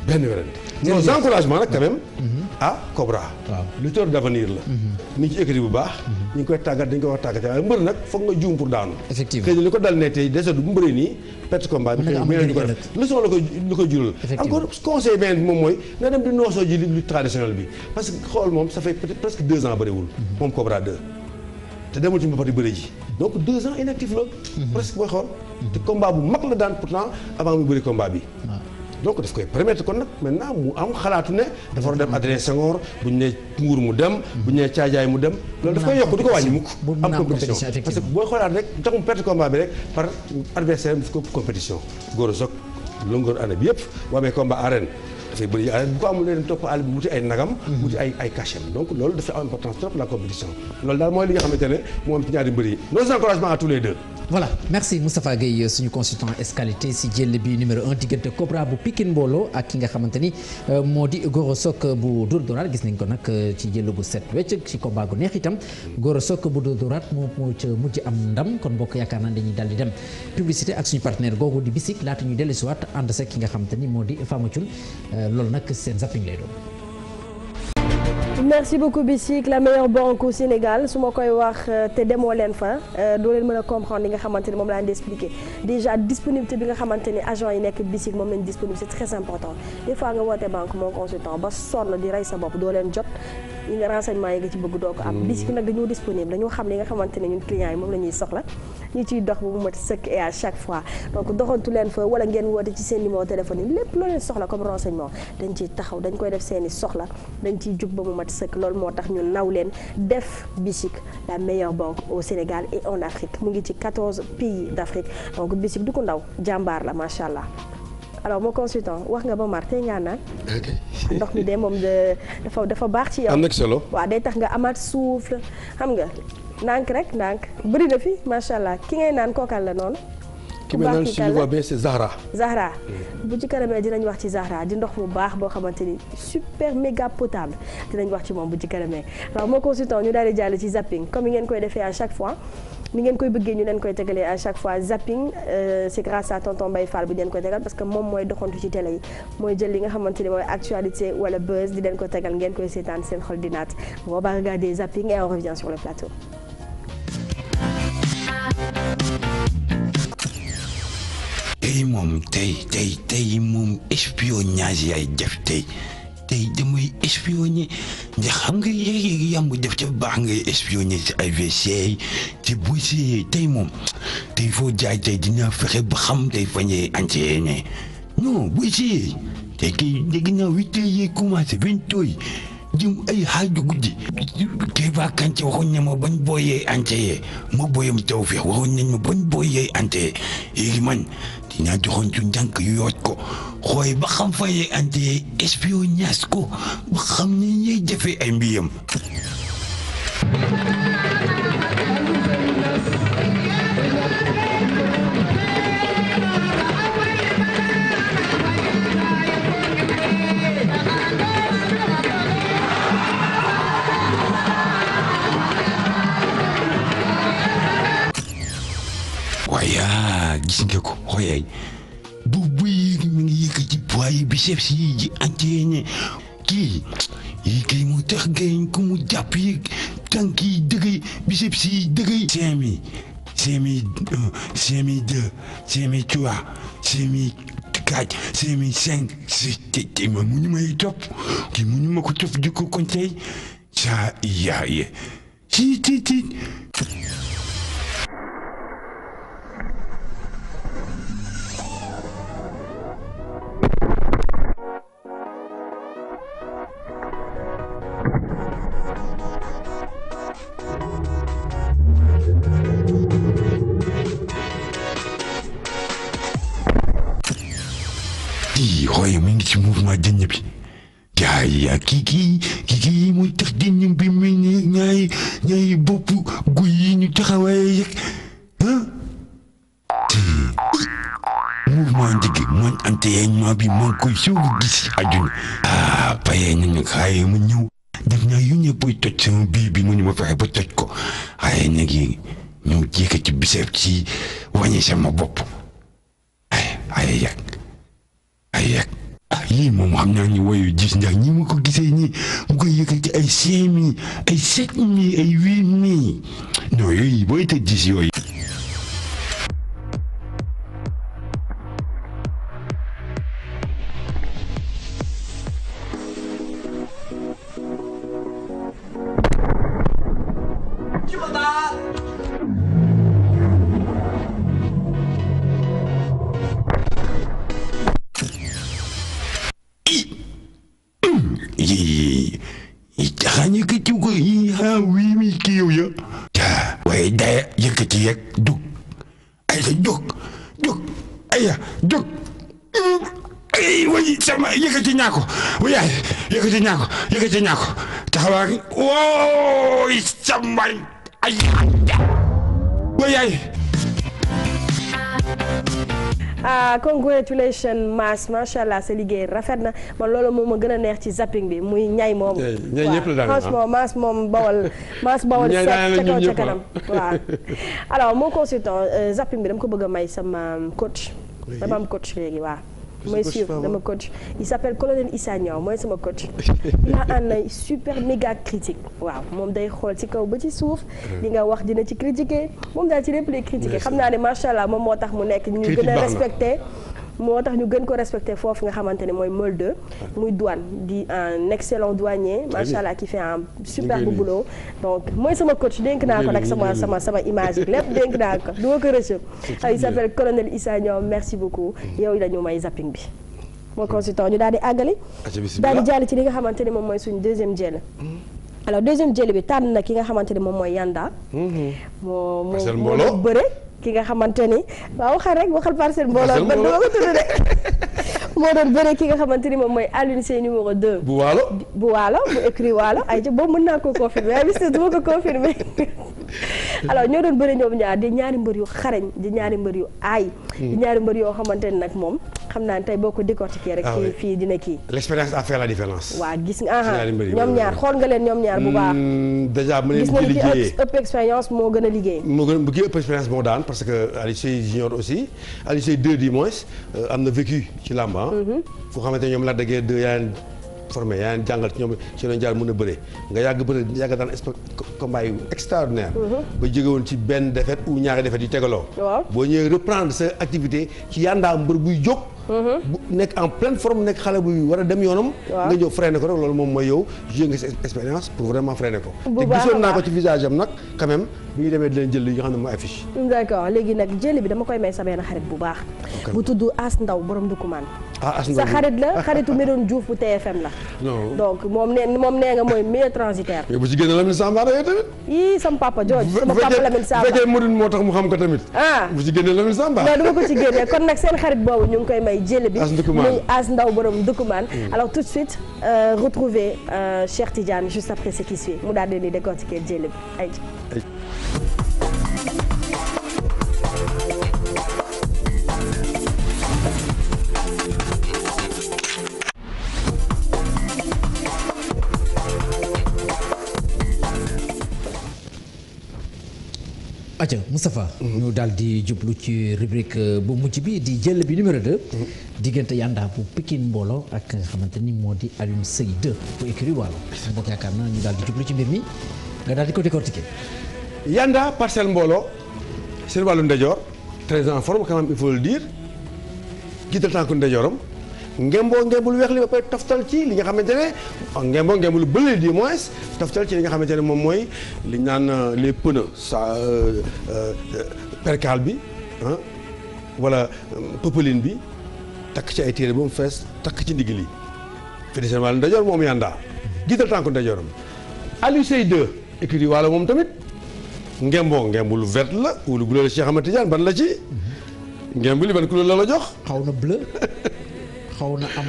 benn werante nos encouragements nag quand même mhm. ah Cobra waaw lutteur d'avenir la mhm. bu baax ñu mhm. ngi koy tàggat dañu koy wax tàggat waaye mbër nag foog nga juum pour daanu effectivement xëy na ko dal ne tey dese du bu mbëree nii perte combat bi moom mooy na dem di noosoo ji lutte traditionnelle bi parce que xool moom ça fait peut presque deux ans bëriwul moom Cobra 2 te demul ci mbapati bëri ji donc deux ans inactif la presque booy xool te combat bu mag la daan pourtant avant muy bëri combat bi donc daf koy permettre kon nag maintenant mu am xalaatu ne dafa war a dem Adrien Senghor bu ñu nee Mbour mu dem bu ñu nee Caajaay mu dem loolu daf koy yokk du ko wàññi mukk am compétition parce que booy xoolaat rek tax mu perte compétition góor a soog longueur année bi yëpp boo amee bu ko amul leen topp àll bi wuti ay nagam mhm. wuti ay ay cachet donc loolu dafa am importance trop la compétition loolu daal mooy li nga xamante ne moo am ci ñaari mbër yi nos encouragements à voilà merci Moustapha Gueye euh, suñu consultant escalité si jël bi numéro un diggante Cobra bu Pikine Mbolo ak ki nga xamante ni euh, moo di Goro Sok bu Dóor Dóoraat gis nañ ko nag euh, ci jël bu set wecc ci combat gu neex itam Goro Sok bu Dóor Dóoraat moo moo ca mujj am ndam kon mbokk yaakaar naa dañuy dal di dem publicité ak suñu partenaire googu di bisik laata ñuy dellusiwaat ànd seeg ki nga xamante ni moo di Fama Thioune loolu nag seen zapping lay doon. merci beaucoup Bichik la meilleure banque au Sénégal su ma koy wax euh, te demoo leen fa euh, doo leen mën a comprendre li nga xamante moom laa leen di expliqué déjà disponibilité bi nga xamante ni agent yi nekk Bichik moom lañ disponible c'est très important des fois nga woote banque mon consultant ba sonn di rey sa bopp doo leen jot renseignement yi nga ci bëgg doo ko am mm. biski nag dañoo disponible dañoo xam ne nga xamante ne ñun clients yi moom la soxla ñu ciy dox bu mu mat sëkk et à chaque fois donc doxantu leen fa wala ngeen woote ci seen numéro téléphone yi lépp loo leen soxla comme renseignement dañ ciy taxaw dañ koy def seeni soxla dañ ciy jub ba mu mat sëkk loolu moo tax ñu naw leen def Bichic la meilleure banque au Sénégal et en Afrique mu ngi ci 14 pays d'Afrique donc Bichic du ko ndaw jàmbaar la macha allah alors moo consultant wax nga ba mar tey ngaa naan. ndox mi de moom de dafa dafa baax ci yow. am na solo waaw day tax nga amaat souffle xam nga ndànk rek ndànk bëri na fi macha allah ki ngay naan kookal la noonu. ki may naan suñu voie c'est Zahra. Zahra mm. bu ci dinañ wax ci Zahra di ndox mu baax boo xamante ni super méga potable dinañ wax ci moom bu ci kanamee moo mon consultant ñu daal jàll ci zapping comme yi ngeen koy defee à chaque fois. ni ngeen koy bëggee ñu leen koy tegalee à chaque fois zapping euh, c'est grâce à tonton Mbaye Fall bu leen koy tegal parce que moom mooy doxantu ci télé yi mooy jël li nga xamante ni mooy actualité wala buzz di leen ko tegal ngeen koy seetaan seen xol di naat on va regarder zapping et on revient sur le plateau. tey moom tey tey tey moom espionnage yaay def tey. tey damay espionné nga xam nga yéegi yàmb def ca baax nga espionné ci ay WC ci bouse tey moom tey foo jaay tey dinaa fexe ba xam tey fa ñuy àñcee ne non bouse tey kii dégg naa huit yi commencé vingt heures ji ay xaaju guddi kii baa kànce waxuñ ne ma bañ booyee ante yee ma booyam taw fi ma bañ booyee ante yee léegi man dinaa joxoon cu njànk yu yooj ko xooy ba xam fa yee ante yee espion ñaas ko ba xam ne ñuy jëfee ay mbiyam gis nga ko xooyaay bu buy mi ngi yëkk ci poids yi biceps yi ji anteñe kii yi kay mu tax gañ ku mu jàpp yi tànk yi dëgëy biceps yi dëgëy semi semi semi euh, deux semi trois semi quatre semi cinq te ma mu ñu may topp ki mu ñu ma ko topp di ko conseil ça y a ci ci kii xooy mu ngi ci mouvement jënj bi gaa yi kii kii kii kii muy tax jënj bi mu ñaay ñaay bopp guy yi ñu taxawaaye yëg mouvement njëg man entraînement bi man koy soog a gis àdduna ah paye nañu xaaye ma ñëw def naa yu ñëpp boy toj sama bii bi mu ñu ma fexe ba toj ko xaaye nag yi ñëw jékka ci biseeb ci wàññi sama bopp ay ay yeeg moom xam naa ni woyu gis ndax ñi ma ko gisee ñi mu koy yëkkati ay cinq mille ay sept mille ay huit mille non yooyu booy tëj gis yooyu jóg way sama yëkkati ñaako wayaay yëkkati ñaako yëkkati ñaako taxawaa wooy sama ay wayaay ah congratulation Mass macha allah sa liggéey rafet na man loolu moom ma gën a neex ci zapping bi muy ñay moom. Eh, ñay ñëpp la daan franchement ah. Mass moom bawal. Mass bawal seet ca kaw ca kanam ah. waaw consultant euh, zapping bi dam ko bëgg a may sama um, coach. dama am coach léegi waa mooy suivre dama coach il s'appelle colonel Issa Niang mooy sama coach yaa ànd na super méga waaw moom day xool ci kaw ba ci suuf li nga wax dina ci critiquer moom daal ci lépp lay critiquer xam naa ne macha allah moom moo tax mu nekk ñu gën a moo tax ñu gën ko respecté foofu nga xamante ne mooy Molde muy douane di un excellent douanier macha allah qui fait un bulo boulot donc mooy sama coach dénk naa ko nag sama sama image bi lépp dénk naa ko du ko rëcc ah, il s'appelle colonel Issa Niang merci beaucoup mm. yow dañu may zapping bi moo consultant ñu daal di àggali ah, daal di jàll ci li nga xamante ne moom mooy suñu deuxième jël mm. alors deuxième jël bi tànn na ki nga xamante ne moom mooy Yanda mm-hmm. moo moo bëre ki nga xamante ni waaw waxal rek waxal parcelle mbooloo man dama ko tudd de moo doon bëre ki nga xamante ni moom mooy Alioune seen numéro 2. bu waalo bu waalo bu écrit waalo ay ja boobu mën naa ko confirmer waaye bis du ma ko confirmer alors ñoo doon bëre ñoom ñaar di ñaari mbër yu xarañ di ñaari mbër yu aay ñaari mbër yoo xamante ne nag moom xam naa ne tey boo ko décortiquer rek ah fii fii dina kii l'expérience a fait la différence waaw gis nga ñoom ñaar xool nga leen ñoom ñaar bu baax hmm, déjà mu leen di liggéeyee ëpp expérience moo gën a liggéey moo gën bu kii ëpp expérience moo daan parce que Aliou Seye junior aussi Aliou Seye deux du moins euh, am na vécu ci làmba ah. mm-hmm. foo xamante ñoom la dëggee deux yaa formé yaa leen jàngal ci ñoom ci leen jaar mën a bëre nga yàgg bëre yàgg daan combat yu extraordinaire mhm. ba jege woon ci benn défaite ou ñaari défaite yu tegaloo boo ñëwee reprendre sa activité ci yandaa mbër buy jóg bu nekk en pleine forme nekk xale bu war a dem yoonam. nga ñëw freiné ko rek loolu moom mooy yow jiyee nga sa expérience pour vraiment freiné ko. bu baax. bu tudd As Ndaw borom Dukumaan. ah As Ndaw bu TFM la. non donc moom tamit. sama papa George sama papa Lamine Samba bu fekkee Medoune moo tax mu xam ko tamit. Ah. bu ci génne Lamine Samba. non dama ko ci génne kon nag seen xarit boobu ñu ngi koy may Ndiaye jële bi muy As Ndaw borom Dukumaan mm. alors tout de suite euh, retrouver euh, Cheikh Tidiane juste après ce qui suit mu daal di décortiquer jële bi ay aja Moustapha mhm. ñu daal di jublu ci rubrique euh, bu mujj bi di jël bi numéro de mhm. diggante Yanda bu Pikine mbooloo ak xamante ni moo di Alioune Seye 2 bu écurie Walo mbokk yaakaar na ñu daal di jublu ci mbir mi nga daal di ko décortiquer Yanda parcelle mbooloo seen wàllu ndejoor très en forme quand même il faut le dire jiital tànku ndejooram ngemboo ngembul weex li ba pare toftal ci li nga xamante ne ah, ngemboo ngembul bële du moins toftal ci li nga xamante ne moom mooy li naan euh, les pneus sa euh, euh, percale bi ah, wala popeline bi takk ci ay téere ba mu fees takk ci ndigg li félicien wàllu ndajoor moom yàndaa jiital tànku ndajooram Aliou Seye 2 écurie Waalo moom tamit ngemboo ngembul vert la wala couleur Cheikh Ahmed Tidiane ban la ci mhm. ngemb li ban couleur la la jox xaw na bleu xaw na am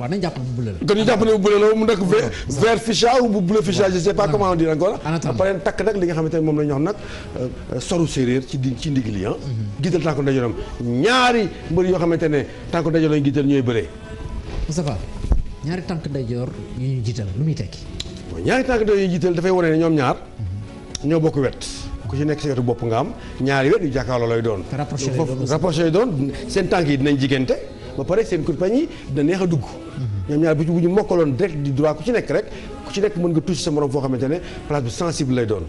waa nañu jàpp ne bu bële la. jàpp ne bu mu nekk vert vert fichage ou bu bleu fichage je sais pas comment on dit encore. après takk nag li nga xamante ne moom la ñu wax nag euh, euh, soru séeréer ci di ci ndigli ah. Mhm. giital tànku ñaari mbër yoo xamante ne tànk ndajoor lañu giital ñooy bëree. Moustapha ñaari tànk ndajoor yu ñu jiital lu muy tekki. ñaari tànk ndajoor yu ñu jiital dafay wane ne ñoom ñaar mhm. ñoo bokk wet. ku ci nekk si wetu bopp nga am ñaari wet yu jàkkaarloo doon. rapproché lay doon seen tànk yi dinañ jigéente ba pare seen compagnie dina neex a dugg. ñoom ñaar bu ñu ñu mokkaloon direct di droit ku ci nekk rek ku ci nekk mën nga touché sa morom foo xamante ne place bu sensible lay doon.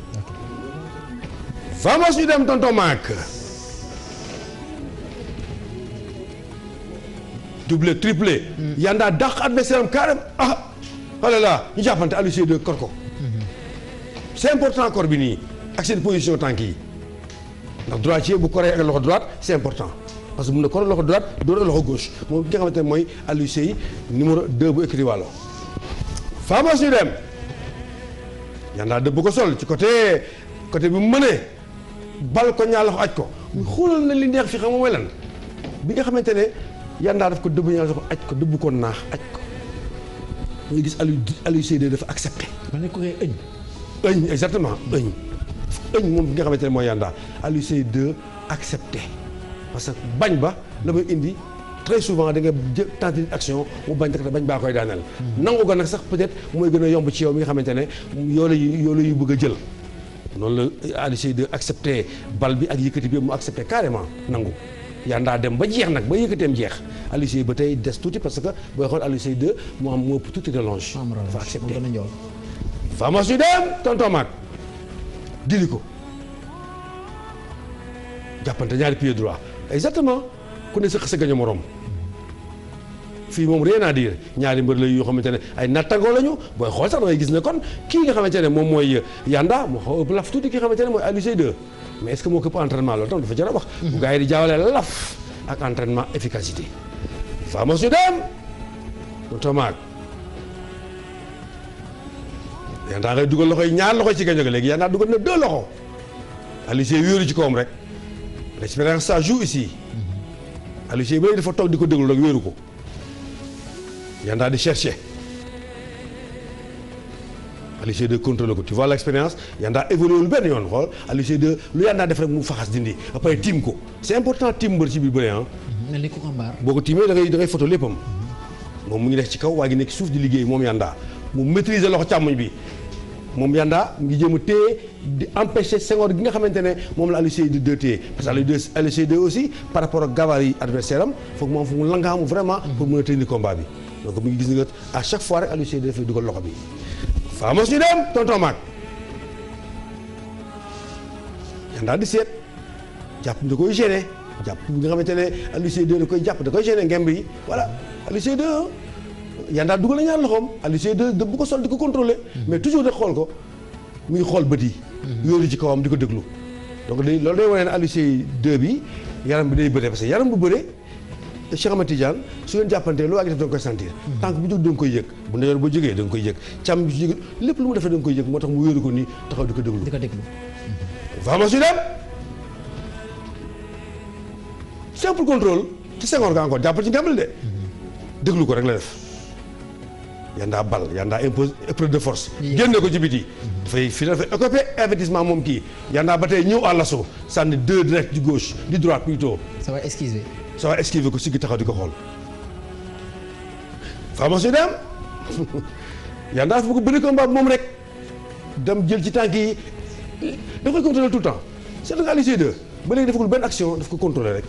vamos ñu dem tonton Maak. doublé triplé. Hmm. yandaa dàq adversaire am carrément ah. xale oh ñu jàppante allusion de cor ko. Hmm. c'est important encore bi nii ak seen position tànk yi ndax droitier bu koree ak loxo droite c'est important. parce que mun na ko loxo droite door loxo gauche moom mooy Aliou Seye numéro 2 bu écrit wàllo Famos ñu dem ko sol ci côté côté bi mu mënee bal ko ñaar loxo aj ko xoolal na li neex fi xam nga mooy bi nga xamante ne yandaa daf ko dëbb ñaar ko dëbb naax aj ko nga gis Aliou Aliou Seye dafa accepté. ma ne moom bi nga xamante ne mooy yandaa Aliou Seye 2 accepté. parce que bañ ba la muy indi très souvent da nga jë tenter action mu bañ rek bañ baa koy daaneel. nangu ko nag sax peut-être mooy gën a yomb ci yow mi nga xamante ne yoo la yoo la yu bëgg a jël. noonu la Aliou de accepté bal bi ak yëkkati bi mu accepté carrément nangu yandaa dem ba jeex nag ba yëkkateem jeex Aliou ba tey des tuuti parce que booy xool Aliou de mu am moo tuuti relonge. dafa accepté Famos ñu dem tonton Maak dili ko jàppante ñaari pied droit. exactement ku ne sa xës a gaño morom fii moom rien à dire ñaari mbër la yoo xamante ne ay nattangoo lañu booy xool sax dangay gis ne kon kii nga xamante ne moom mooy Yanda moo xaw ëpp laf tuuti nga xamante ne mooy Alioune Seye 2 mais est-ce que moo këpp entraînement loolu tam a yi di ak entraînement efficacité. Vamos ñu dem mu tomaag Yanda loxo yi ñaar loxo ci gaño gi léegi Yanda dugal na deux loxo Alioune Seye wéeru ci koom rek. l'expérience ça joue ici Aliou Cissé ba dafa toog di ko déglu rek wéeru ko yaa daal di chercher Aliou Cissé de contrôler ko tu vois l'expérience yaa daa évolué lu benn yoon xool Aliou Cissé de lu yaa def rek mu faxas dindi après tiim ko c'est important tiim mbër ci biir bëre ah. boo ko tiimee da ngay da ngay photo léppam moom mu ngi def ci kaw waa ngi nekk suuf di liggéey moom yaa daa mu maîtriser loxo càmmoñ bi. moom Yanda mu ngi jéem a téye di empêcher Senghor gi nga xamante ne moom la Aliou Seye 2 téye parce que Aliou Aliou Seye 2 aussi par rapport ak gabarit yi adversaire am foog moom fu mu langaamu vraiment pour mën a tenir combat bi donc mu ngi gis nga à chaque fois rek Aliou Seye 2 dafay dugal loxo bi faa mos ñu dem tonton Maak Yanda di seet jàpp da koy gêné jàpp bi nga xamante ne Aliou Seye da koy jàpp da koy gêné ngemb Yanda dugal na ñaar loxoom Aliou bu ko sol di ko contrôler mais toujours de xool ko muy xool bët yi. yóoru ci kawam di ko déglu. donc day loolu day wane ne Aliou Cissé bi yaram bi day bëree parce que yaram bu bëree Cheikh Ahmed Tidiane su leen jàppantee loo ak def da nga koy sentir. tànk bu jóg da nga koy yëg bu ndeyjoor bu jógee da nga koy yëg càmm bi su jógee lépp lu mu defee da koy yëg moo tax mu yóoru ko nii taxaw di ko déglu. di ko déglu. vraiment su dem simple contrôle ci Senghor nga encore jàppal de déglu ko rek la yandaa bal yandaa impose épreuve de force. génne ko ci biti. dafay fi dafay écopé avertissement moom kii. yandaa ba tey ñëw à l'assaut sànni deux direct du gauche du droite plutôt. ça va esquiver. ça va esquiver ko si siggi taxaw di ko xool. formation day am yandaa dafa ko bëri combat moom rek dem jël ci tànk yi da koy contrôler tout le temps c'est le cas de ba léegi defagul benn action daf ko contrôler rek.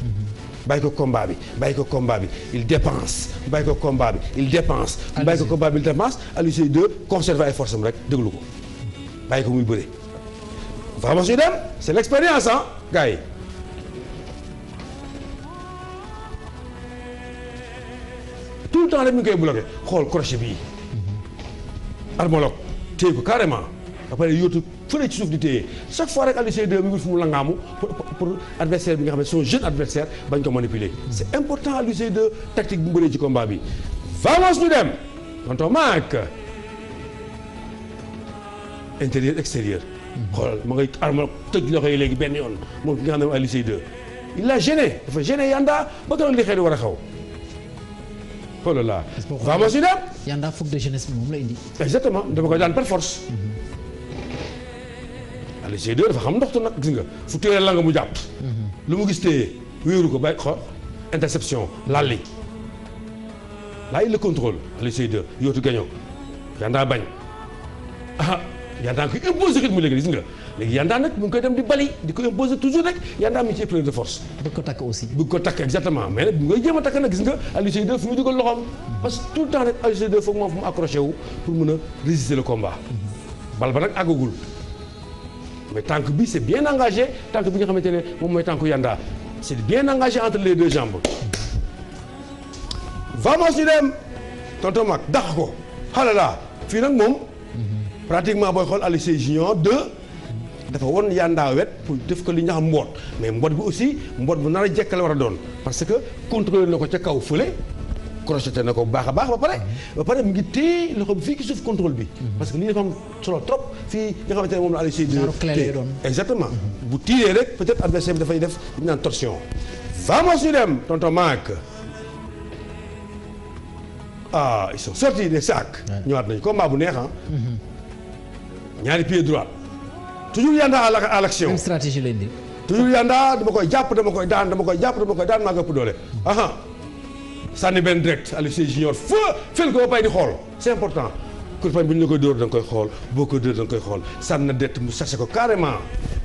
bàyyi ko combat bi bàyyi ko combat bi il dépense bàyyi ko combat bi il dépense. bàyyi ko combat il dépense Alioune Seye 2 conserver ay force am rek déglu ko bàyyi ko muy bëre. vraiment suy dem c' est l' expérience ah gars tout le temps rek ñu ngi koy bloqué xool crochet bii. armologue téye ko carrément après yóotu. fële ci suuf di téye chaque fois rek Aliou Seye 2 mi ngi fu mu langaamu pour pour adversaire bi nga xam ne son jeune adversaire bañ ko manipuler. c'est important Aliou Seye 2 tactique bu mu bëree ci combat bi. vamos ñu dem tonton intérieur extérieur. xoolal ma ngay armal tëj loxo yi léegi benn yoon moom ki nga xam ne Aliou Seye 2. il a gêné dafa gêné Yanda ba keroog li xëy war a xaw. la indi. exactement dafa le g dafa xam ndoxtu nag gis nga fu téye la nga mu jàpp. lu mu gis téye wéeru ko ba xor interception lalli laay le contrôle le G2 yootu gañoo yandaa bañ ah yandaa koy imposé rythme léegi gis nga léegi yandaa nag mu ngi koy dem di bali di ko imposé toujours rek yandaa mi ci épreuve de force. bëgg ko takk aussi. bëgg ko takk exactement mais bu ngay jéem a takk nag gis nga Aliou Seye fu mu dugal loxoom. parce que tout le temps rek Aliou Seye 2 foog moom fu mu accroché wu ba nag àggagul. mais tànk bi c' est bien engagé tànk bi nga xamante ne moom mooy tànku yanda c' est bien engagé entre les deux jambes. vamos ñu dem tonton Mag ko xalelaa fii nag moom pratiquement booy xool Aliou Seye junior 2 dafa won yandaa wet pour def ko li ñax mboot mais mboot bu aussi mboot bu nar a jekk la war a doon parce que contrôlé na ko ca kaw fële. crocheté na ko bu baax a baax ba pare ba pare mu ngi téye loxo bi fii ci suuf bi mhm. parce que lii dafa am solo trop fii nga xamante ne moom la Aliou Seye téye exactement mhm. bu tiiree rek peut-être adversaire bi dafay def ñu naan torsion vamos ñu dem tonton Mack ah ils ñëwaat nañu combat bu neex ah mhm. ñaari pied droit toujours yanda à l'action même stratégie lañ di toujours yanda dama koy jàpp dama koy daan dama koy jàpp dama koy daan maa ko ëpp doole aha ah. sànni benn direct alice Cissé junior fa fël ko ba pay di xool c'est important kurpañ bu ñu la koy da nga koy xool boo ko dóor da koy xool sànni na direct mu sacé ko carrément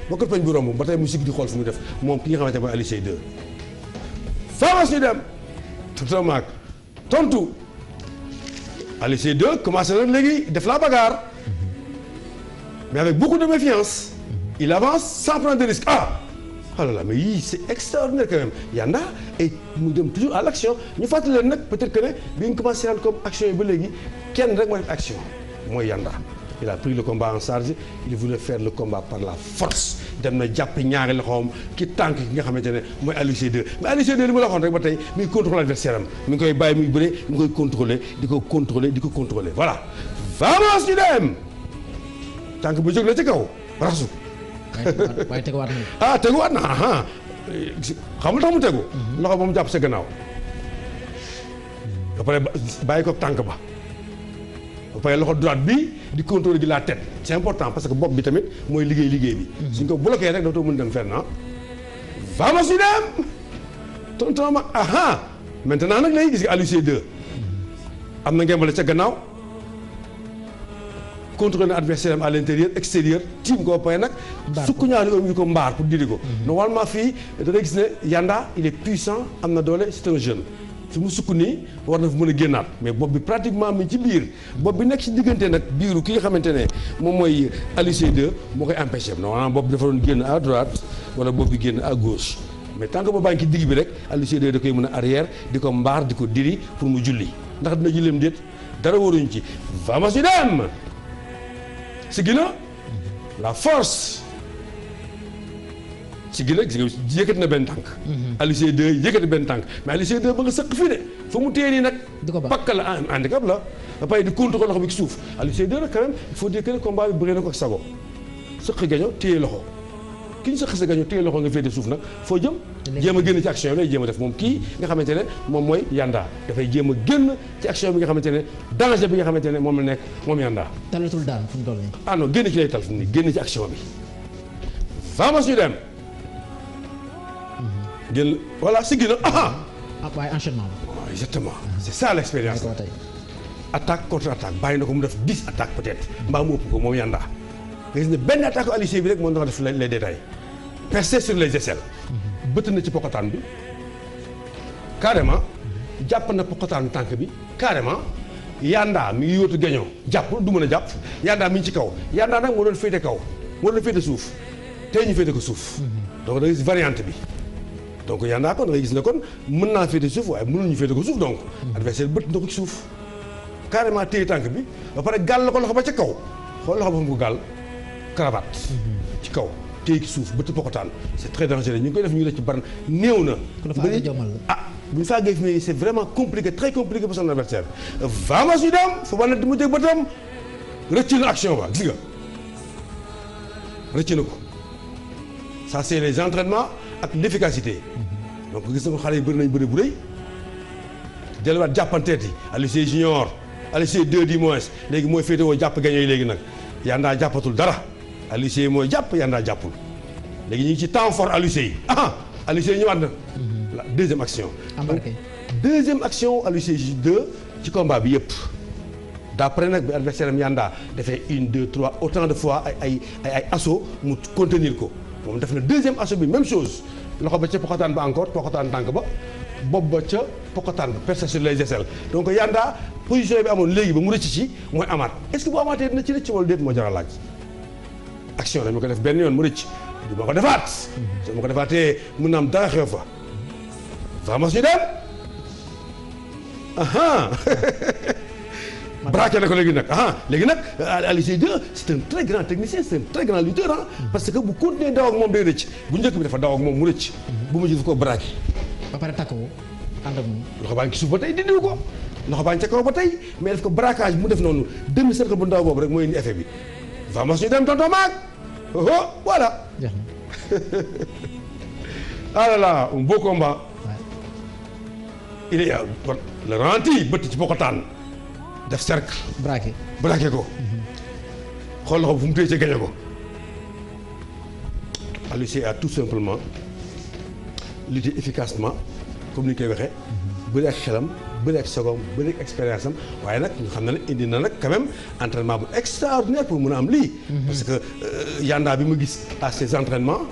ba kurpañ bu romb ba tey mu di xool fu mu def moom ki nga xamante ne mooy Aliou Cissé 2 tontu Aliou Cissé 2 commencé nag léegi def la bagarre mais avec beaucoup de méfiance il avance sans prendre de ah oh là là mais yii c' est extraordinaire quand même yanda et mu dem toujours à action ñu fàttali leen nag peut être que ne bi ñu commencé naan comme action yi ba léegi kenn rek mooy def action mooy yanda il a pris le combat en charge il voulait faire le combat par la force dem na jàpp ñaari loxoom ki tànk ki nga xamante ne mooy Aliou Seye 2 mais Aliou li ma la rek ba tey mi ngi contrôler adversaire am mi ngi koy bàyyi muy bëree mi ngi koy contrôler di ko contrôler di ko contrôler voilà vamos ñu dem tànk ci kaw waaye teguwaat na. ah teguwaat na ah xam nga tax mu tegu. loxo ba mu jàpp sa gannaaw. ba pare bàyyi ko tànk ba. ba pare loxo droite bi di contrôler di la tête c'est important parce que bopp bi tamit mooy liggéey liggéey bi. suñ ko bloqué rek dootoo mën dem fenn ah. Fama su dem tonton aha maintenant lay gis nga Aliou Seye am na ngembale ca gannaaw. contrôler adversaire am à l'intérieur extérieur tiim ko pare nag sukku ñaari homme yu ko mbaar pour diri ko mhm. normalement fii da ngay gis ne Yanda il est puissant am na doole c'est un jeune su mu sukk nii war na fa mën a génnaat mais bopp bi pratiquement mi ci biir bopp bi nekk ci diggante nag biiru ki nga xamante ne moom mooy Aliou Seye 2 moo koy empêché maanaam bopp bi dafa doon génn à droite wala bopp bi génn à gauche mais tant que boobaa ngi ci digg bi rek Aliou Seye 2 a arrière di ko mbaar di ko diri pour mu julli ndax dina julleem déet dara waruñ ci vamos dem si gina la force si gina gis yëkkati na benn tànk mhm. Aliou Seye 2 yëkkati benn tànk mais Aliou Seye 2 ba nga sëq fii de fa mu téye nii nag pakk la handicap la ba pare di kontu ko loxo bi ci suuf Aliou Seye 2 nag quand même il faut dire que combat bi bëree na ko ak sago sëq gaño téye loxo ki ñu sa xësa gañu tey loxo nga féete suuf nag foo jëm jéem a génn ci action bi lay jéem a def moom kii nga xamante ne moom mooy yanda dafay jéem a génn ci action bi nga xamante ne danger bi nga xamante ne moom la nekk moom yanda talatul daal fu mu toll nii ah non génn ci lay tal fu mu nii génn ci action bi vamos ñu dem mhm. génn voilà si gën a ah waaye enchaînement la exactement mhm. c'est ça l'expérience attaque contre attaque bàyyi na ko mu def dis attaques peut mbaa mu ëpp ko moom yanda nga gis ne benn attaque u Aliou bi rek moom dafa def les détails percé sur les aisselles. bëtt na ci pokotaan bi carrément jàpp na pokotaan tànk bi carrément yandaa mi ngi yóotu geñoo jàpp du mën a jàpp yandaa mi ngi ci kaw yandaa nag moo doon féete kaw moo doon féete suuf tey ñu féete ko suuf. donc da nga gis variante bi. donc yandaa kon da ngay gis ne kon mën naa féete suuf waaye mënul ñu féete ko suuf donc. adversaire bëtt na ko ci suuf. carrément téye tànk bi ba pare gàll ko loxo ba ca kaw xool loxo ba mu ko gàll cravate. ci kaw. téye ci suuf ba ci pokotaan c'est très dangereux ñu ngi koy def ñu ngi def ci baran néew na. ah bu ñu saagee fi ne c'est vraiment compliqué très compliqué pour son adversaire vama su daam fa bal na di mu jëg bëtam rëcc na action ba gis nga rëcc na ko ça c'est les entraînements ak l'efficacité mhm. donc gis na ko xale yi bëri nañ bëri bu rëy delluwaat jàppanteeti yi Aliou Seye junior Aliou deux du moins léegi mooy féete woo jàpp gaño yi léegi nag yaa ndaa jàppatul dara Aliou Seye mooy jàpp Yanda jàppul léegi ñu ngi ci temps fort Aliou Seye ah, ah Aliou Seye ñëwaat na. la deuxième action. embarqué deuxième action Aliou Seye 2 ci combat bi yëpp. d'après nag bi adversaire am Yanda dafay une deux trois autant de fois ay ay ay ay assaut mu ko moom def na deuxième assaut bi même chose loxo ba ca poxataan ba encore poxataan tànk ba ba ca poxataan ba percé sur les donc Yanda position bi amoon léegi ba mu rëcc amaat est-ce que bu amaatee dina ci rëcc wala déet moo jar laaj. action dama ko def benn yoon mu rëcc du ko defaat. su ko defaatee mun na am dara xew fa. vamos ñu dem. na ko léegi nag léegi nag euh, Aliou Seye 2 c'est un très grand technicien c'est un très grand lutteur mm-hmm. parce que bu continuer daw ak moom day rëcc bu njëkk bi dafa daw ak moom mu rëcc. Mm-hmm. bu ma jël ko braqué. ba pare takkoo ànd ak moom. loxo baa suuf ba tey dindiwu ko loxo baa ngi ca kaw ba tey mais daf ko braquage mu def noonu demi cercle bu ndaw boobu rek mooy indi effet bi. dafa mos ñu dem tonton maag oh voilà. ah là un beau combat. il est euh, le bëtt ci bokkotaan def cercle. braqué ko. Mhm. xool fu mu téye ci ko. Aliou Seye a tout simplement lutté efficacement comme ni ñu koy waxee. Mhm. xelam. bëri ak sagoom bëri ak expérience am waaye nag ñu xam ne nag indi na nag quand même entraînement bu extraordinaire pour mën a am lii. Mhm. parce que euh, yanda bi mu gis à ses entraînements.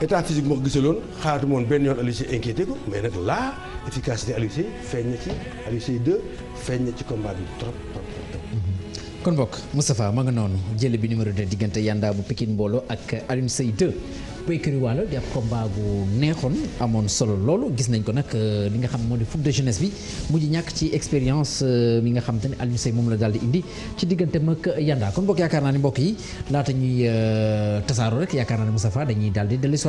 état physique moo ko gisaloon xaatu moon benn yoon Aliou Seye inquiété ko mais nag laa efficacité Aliou Seye feeñ na ci Aliou Seye 2 feeñ na ci combat bi trop trop kon bokk Moustapha ma nga noonu jël bi numéro 2 diggante Yanda bu Pikine Mbolo ak Aliou Seye Boyikari Waalo di ab combat bu neexoon amoon solo loolu gis nañ ko nag euh, li nga xam moo di foot de jeunesse bi mujj ñàkk ci expérience euh, mi nga xam te ne Alioune Seye moom la daal di indi ci euh,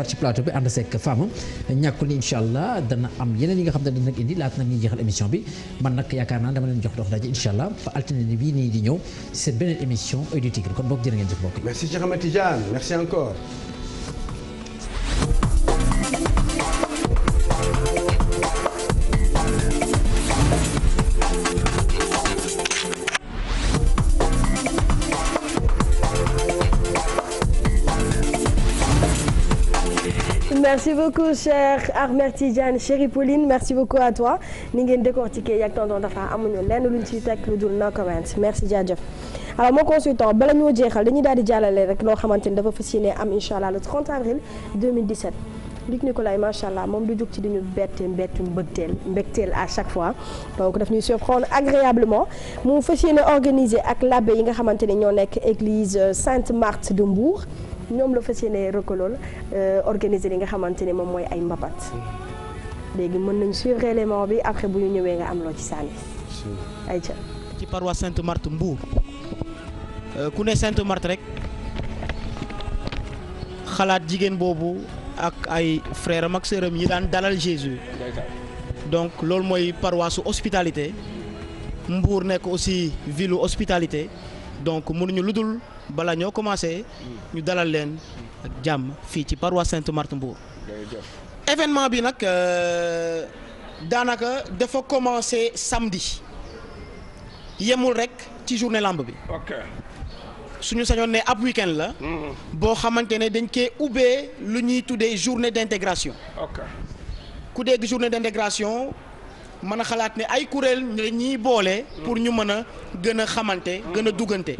ci plateau bi ànd seeg femme ñàkkul ni incha dana am yeneen yi nga xam te ne indi laata nag ñuy jeexal émission bi man nag yaakaar naa dama leen jox dox daje incha fa altine bii nii di ñëw seen beneen émission Oeil kon mbokk jërë ngeen jëf mbokk yi. merci beaucoup cher Ahmed Tidiane chérie Pauline merci beaucoup à toi ni ngeen décortiquer yàgg tonton dafa amuñu lenn luñ ciy teg lu dul no comment merci jaajëf. alors mon consultant bala ñoo jeexal dañuy daal di jàllale rek loo xamante ni dafa fas yéene am incha allah le 30 avril 2017. Luc Nicolaï macha allah moom du jóg ci di ñu bette mbettu mbëgteel mbégteel à chaque fois donc daf ñuy surprendre agréablement mu fas yéene organiser ak l'abbé yi nga xamante ni ñoo nekk église Sainte Marthe de Mbour. ñoom la fas yéene rëkkalool euh, organiser li nga xamante ne moom mooy ay mbapat mm-hmm. léegi mën nañ suivre élément bi après bu ñu ñëwee nga am loo ci sànni ay ca ci paroisse Sainte Marthe Mbour euh, ku ne Sainte Marthe rek xalaat jigéen boobu ak ay frère am ak sœur am yi daan dalal Jésus donc loolu mooy paroisse hospitalité mbuur nekk aussi ville hospitalité donc lu dul bala ñoo commencé ñu dalal leen ak jàmm fii ci paroisse Sainte Marthe Mbour événement bi nag euh, daanaka dafa commencé samedi yemul rek ci journée lamb bi suñu sañoon ne ab week la mhm. boo xamante ne dañ koy ubbee lu ñuy tuddee journée d'intégration ku dégg journée d'intégration mën a xalaat ne ay kuréel ñi ñuy boole pour ñu mën a gën a xamante gën a duggante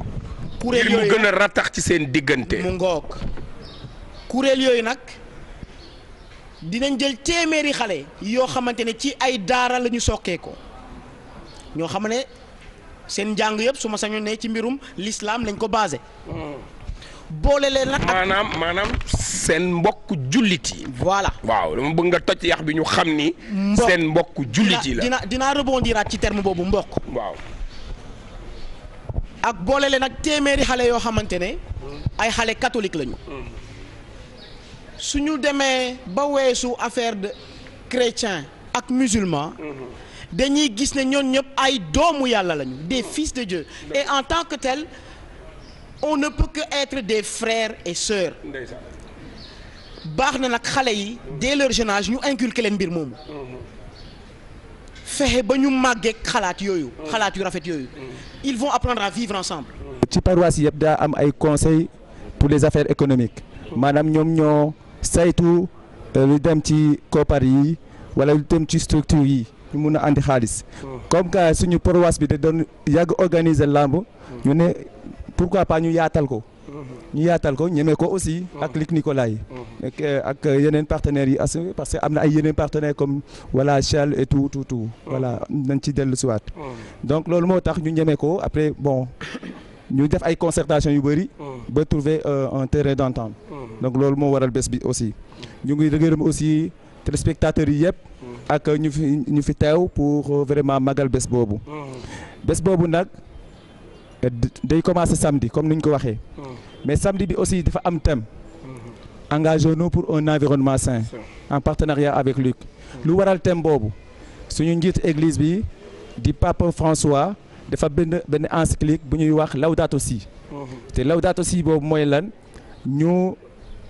kuréel yooyu ngir mu gën ci seen diggante. ngoog kuréel yooyu nag dinañ jël téeméeri xale. yoo xamante ne ci ay daara la ñu sokkee ko ñoo xam ne seen njàng yëpp su ma sañoon ne ci mbirum lislaam lañ ko baase boole leen nag maanaam maanaam seen mbokk jullit yi. voilà waaw dama bëgg nga toj yax bi ñu xam ni. seen mbokk jullit yi la dina dina rebondiraat ci terme boobu mbokk. waaw. ak boole leen ak téeméeri xale yoo xamante ne ay xale catholique lañu su ñu demee ba weesu affaire de chrétien ak musulman dañuy gis ne ñoon ñëpp ay doomu yàlla lañu des fils de Dieu et en tant que tel on ne peut que être des frères et sœurs baax na nag xale yi dès leur jeune âge ñu inculquer leen mbir moomu mm-hmm. fexe ba ñu màggee xalaat yooyu. xalaat yu rafet yooyu. ils vont apprendre à vivre ensemble. ci paroisse yëpp daa am ay conseil pour les affaires économiques maanaam ñoom ñoo saytu euh, lu dem ci koppar yi wala lu dem ci structure yi ñu mun a andi xaalis. comme que suñu paroisse bi da doon yàgg organiser làmb ñu ne pourquoi pas ñu yaatal ko. ñu yaatal ko ñeme ko aussi ak Luc Nicolas yi ak yeneen partenaire yi assuré parce que am na ay yeneen partenaires comme voilà Shell et tout tout tout voilà nañ ci dellu siwaat donc loolu moo tax ñu ñeme ko après bon ñu def ay concertation yu bëri ba trouver euh, un terrain d'entente donc loolu moo waral bés bi aussi ñu ngi gërëm aussi téléspectateurs yi yëpp ak ñu fi ñu fi teew pour euh, vraiment magal bés boobu bés boobu nag day commencer samedi comme ni ñu ko waxee mais samedi bi aussi dafa am thème engageons-nous pour un environnement sain en partenariat avec Luc lu waral thème boobu suñu njiit église bi di Pape François dafa benn benn encyclique bu ñuy wax Laudato Si mhm. te Laudato Si boobu mooy lan ñu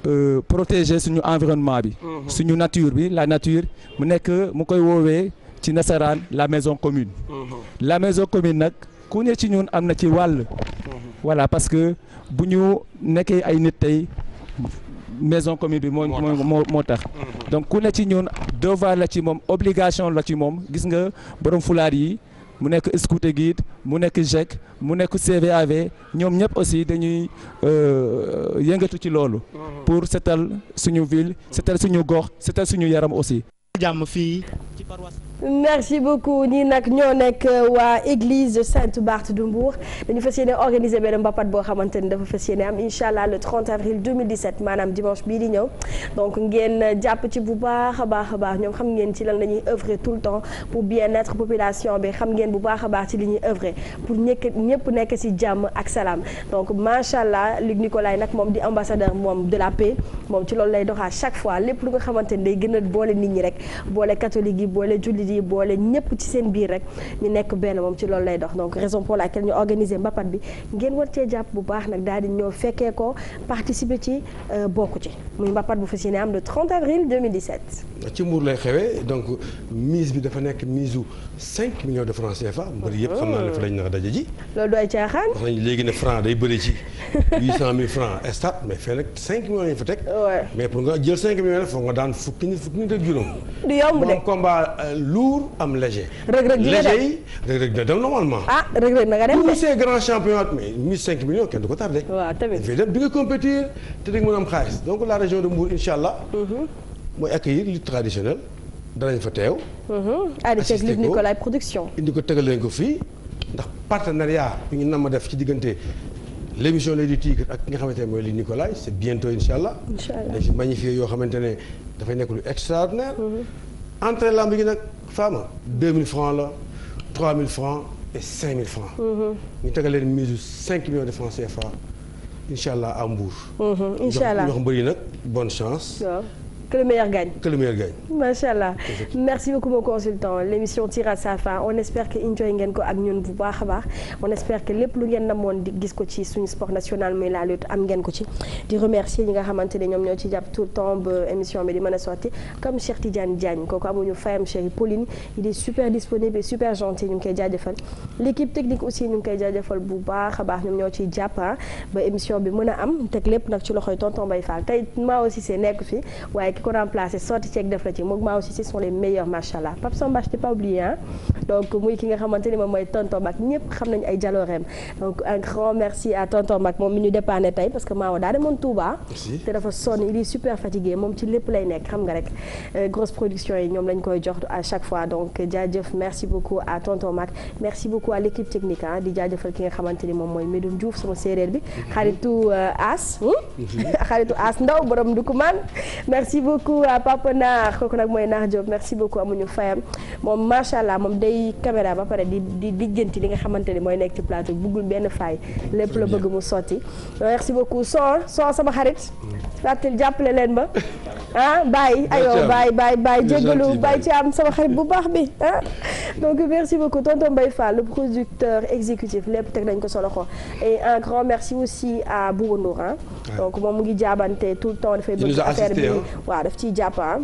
euh, protéger suñu environnement bi mhm. suñu nature bi la nature mu nekk mu koy woowee ci nasaraan la maison commune mhm. la maison commune nag ku ne ci ñun am na ci wàll. voilà parce que bu ñu nekkee ay nit tey maison commune bi moo moo moo tax. Mhm. donc ku ne ci ñun devoir la ci moom obligation la ci moom gis nga borom fulaar yi mu nekk scouté guide mu nekk GIEC mu nekk CVAV ñoom ñëpp aussi dañuy euh, yëngatu ci loolu. Mhm. pour setal suñu ville. setal suñu gox setal suñu yaram aussi. jàmm fii ci paroisse. merci beaucoup ñii nag ñoo nekk euh, waa église Sainte Barthe de Mbour dañu fas yéene organiser benn mbapat boo xamante ni dafa fas yéene am incha allah le avril maanaam dimanche bii di ñëw donc ngeen jàpp ci bu baax a baax a baax ñoom xam ngeen ci lan la ñuy œuvrer tout le temps pour bien-être population bi xam ngeen bu baax a baax ci li ñuy œuvrer pour ñëkk ñëpp nekk si jàmm ak salaam donc macha allah Luc Nicolaï nag moom di ambassadeur moom de la paix moom ci loolu lay doxaa chaque fois lépp lu nga xamante ni day gën a boole nit ñi rek boole catholique boole julli di boole ñëpp ci seen biir rek ñu nekk benn moom ci loolu lay dox donc raison pour laquelle ñu organiser mbapat bi ngeen war cee jàpp bu baax nag daal di ñëw fekkee ko participer ci euh, bokk ci. muy mbappat bu fas yéene am le avril ci Mbour lay xewee donc mise bi dafa nekk mise u 5 de francs CFA. mbër yëpp xam naa ne fa lañ naka daje ji. loolu du ay caaxaan. wax nañu léegi ne franc day bëri ci 800000 francs estat mais fee nag mais pour nga jël 5 foog nga daan fukki nit fukki nit ak juróom. du yomb de combat euh, lourd am léger. mais mise 5 millions kenn du ko tardé. waaw tamit dafay nga compétir te di mën a am xaalis donc région de Mbour allah. mooy accueillir lutte traditionnelle danañ fa teew. Mm-hmm. assisté ko Luc Nicolaï indi ko tegal ko fii ndax partenariat bi ñu nam ma def ci diggante l' émission L'Oeil du ak ki nga xamante ne mooy Luc Nicolaï c' est bientôt incha allah. incha allah si magnifié yoo xamante ne dafay nekk lu extraordinaire. Mm-hmm. entrée lamb yi nag faama 2000 francs la 3000 francs et 5000 francs. Mm-hmm. ñu tegal leen mise 5 millions de francs CFA. incha allah à Mbour. Mm-hmm. incha allah jox mbër yi nag bonne chance. Que le meilleur gagne. Que le meilleur gagne. macha allah merci beaucoup mon consultant l'émission tire sa fin on espère que enjoy ngeen ko ak ñun bu baax a baax on espère que lépp lu ngeen namoon di gis ko ci suñu sport national muy la lutte am ngeen ko ci. di remercier ñi nga xamante ne ñoom ñoo ci jàpp tout le temps ba émission bi di mën a sorti comme Cheikh Tidiane Diagne kooku amuñu fayam chérie Pauline il est super disponible et super gentil ñu ngi koy jaajëfal. l'équipe technique aussi ñu ngi koy jaajëfal bu baax a baax ñoom ñoo ciy jàpp ah, ba bi mën a am teg lépp nag ci loxoy tonton Mbaye Fall tey maa aussi see nekk fi waaye ki ko remplacé sotti ceeg def la ci moom maa aussi ce sont les meilleurs macha allah Pape Samba je t'ai donc muy ki nga xamante ni mooy tonton Mac ñëpp xam nañu ay jaloorem donc un grand merci à tonton Mac moom mi ñu que Maodo daa demoon Touba. te dafa sonn il est super fatigué moom ci lépp lay nekk xam euh, koy jox à chaque fois donc jaajëf merci beaucoup à tonton Mac merci beaucoup à l' équipe technique ah di jaajëfal ki nga xamante ni moom mooy Medoum Diouf sama séeréer bi mhm. xaritu euh, As. Hmm? Mhm. xaritu As Ndaw borom Ndukumaan merci beaucoup Papa Naar kooku nag mooy Naar Diop merci beaucoup amuñu fayam moom macha allah moom day caméra ba pare di di lijjanti li nga xamante ni mooy nekk ci plateau buggul benn faay lépp la bëgg mu sotti. merci beaucoup soo sama xarit. fàttali jàppale leen ba ah baay ayoo bàyyi bàyyi bàyyi jéggalu bàyyi ci am sama xarit bu baax bi ah donc merci beaucoup tonton Mbaye Fall le producteur exécutif lépp teg nañ ko solo ko et un grand merci aussi à Boubou Ndour ah. donc moom mu ngi jaabante tout le temps dafay waaw daf ciy jàpp ah.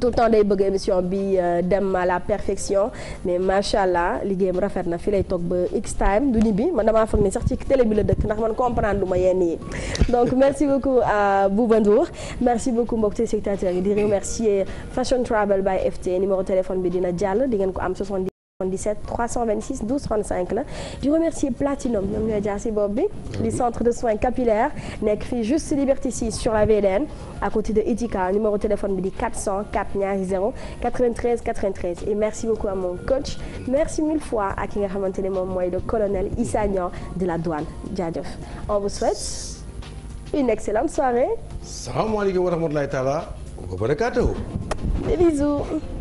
tout le temps day bëgg émission bi euh, dem à la perfection mais macha allah liggéeyam rafet na fi lay toog ba x time du ni bi man damaa foog ni sax ci télé bi la dëkk ndax man comprendre lu ma yenn yi donc merci beaucoup à Bouba Ndour merci beaucoup mbokk téléspectateurs yi di remercier Fashion Travel by FT numéro téléphone bi dina jàll di ngeen ko am 70. 17 326 12 35 la di remercier bi mhm. di centre de soins capillaires nekk fii juste Liberté 6 sur ak ki nga xamante ne moom mooy le colonel Issa Niang de la douane jaajëf on vous souhaite une excellente soirée salaamaaleykum wa rahmatulahi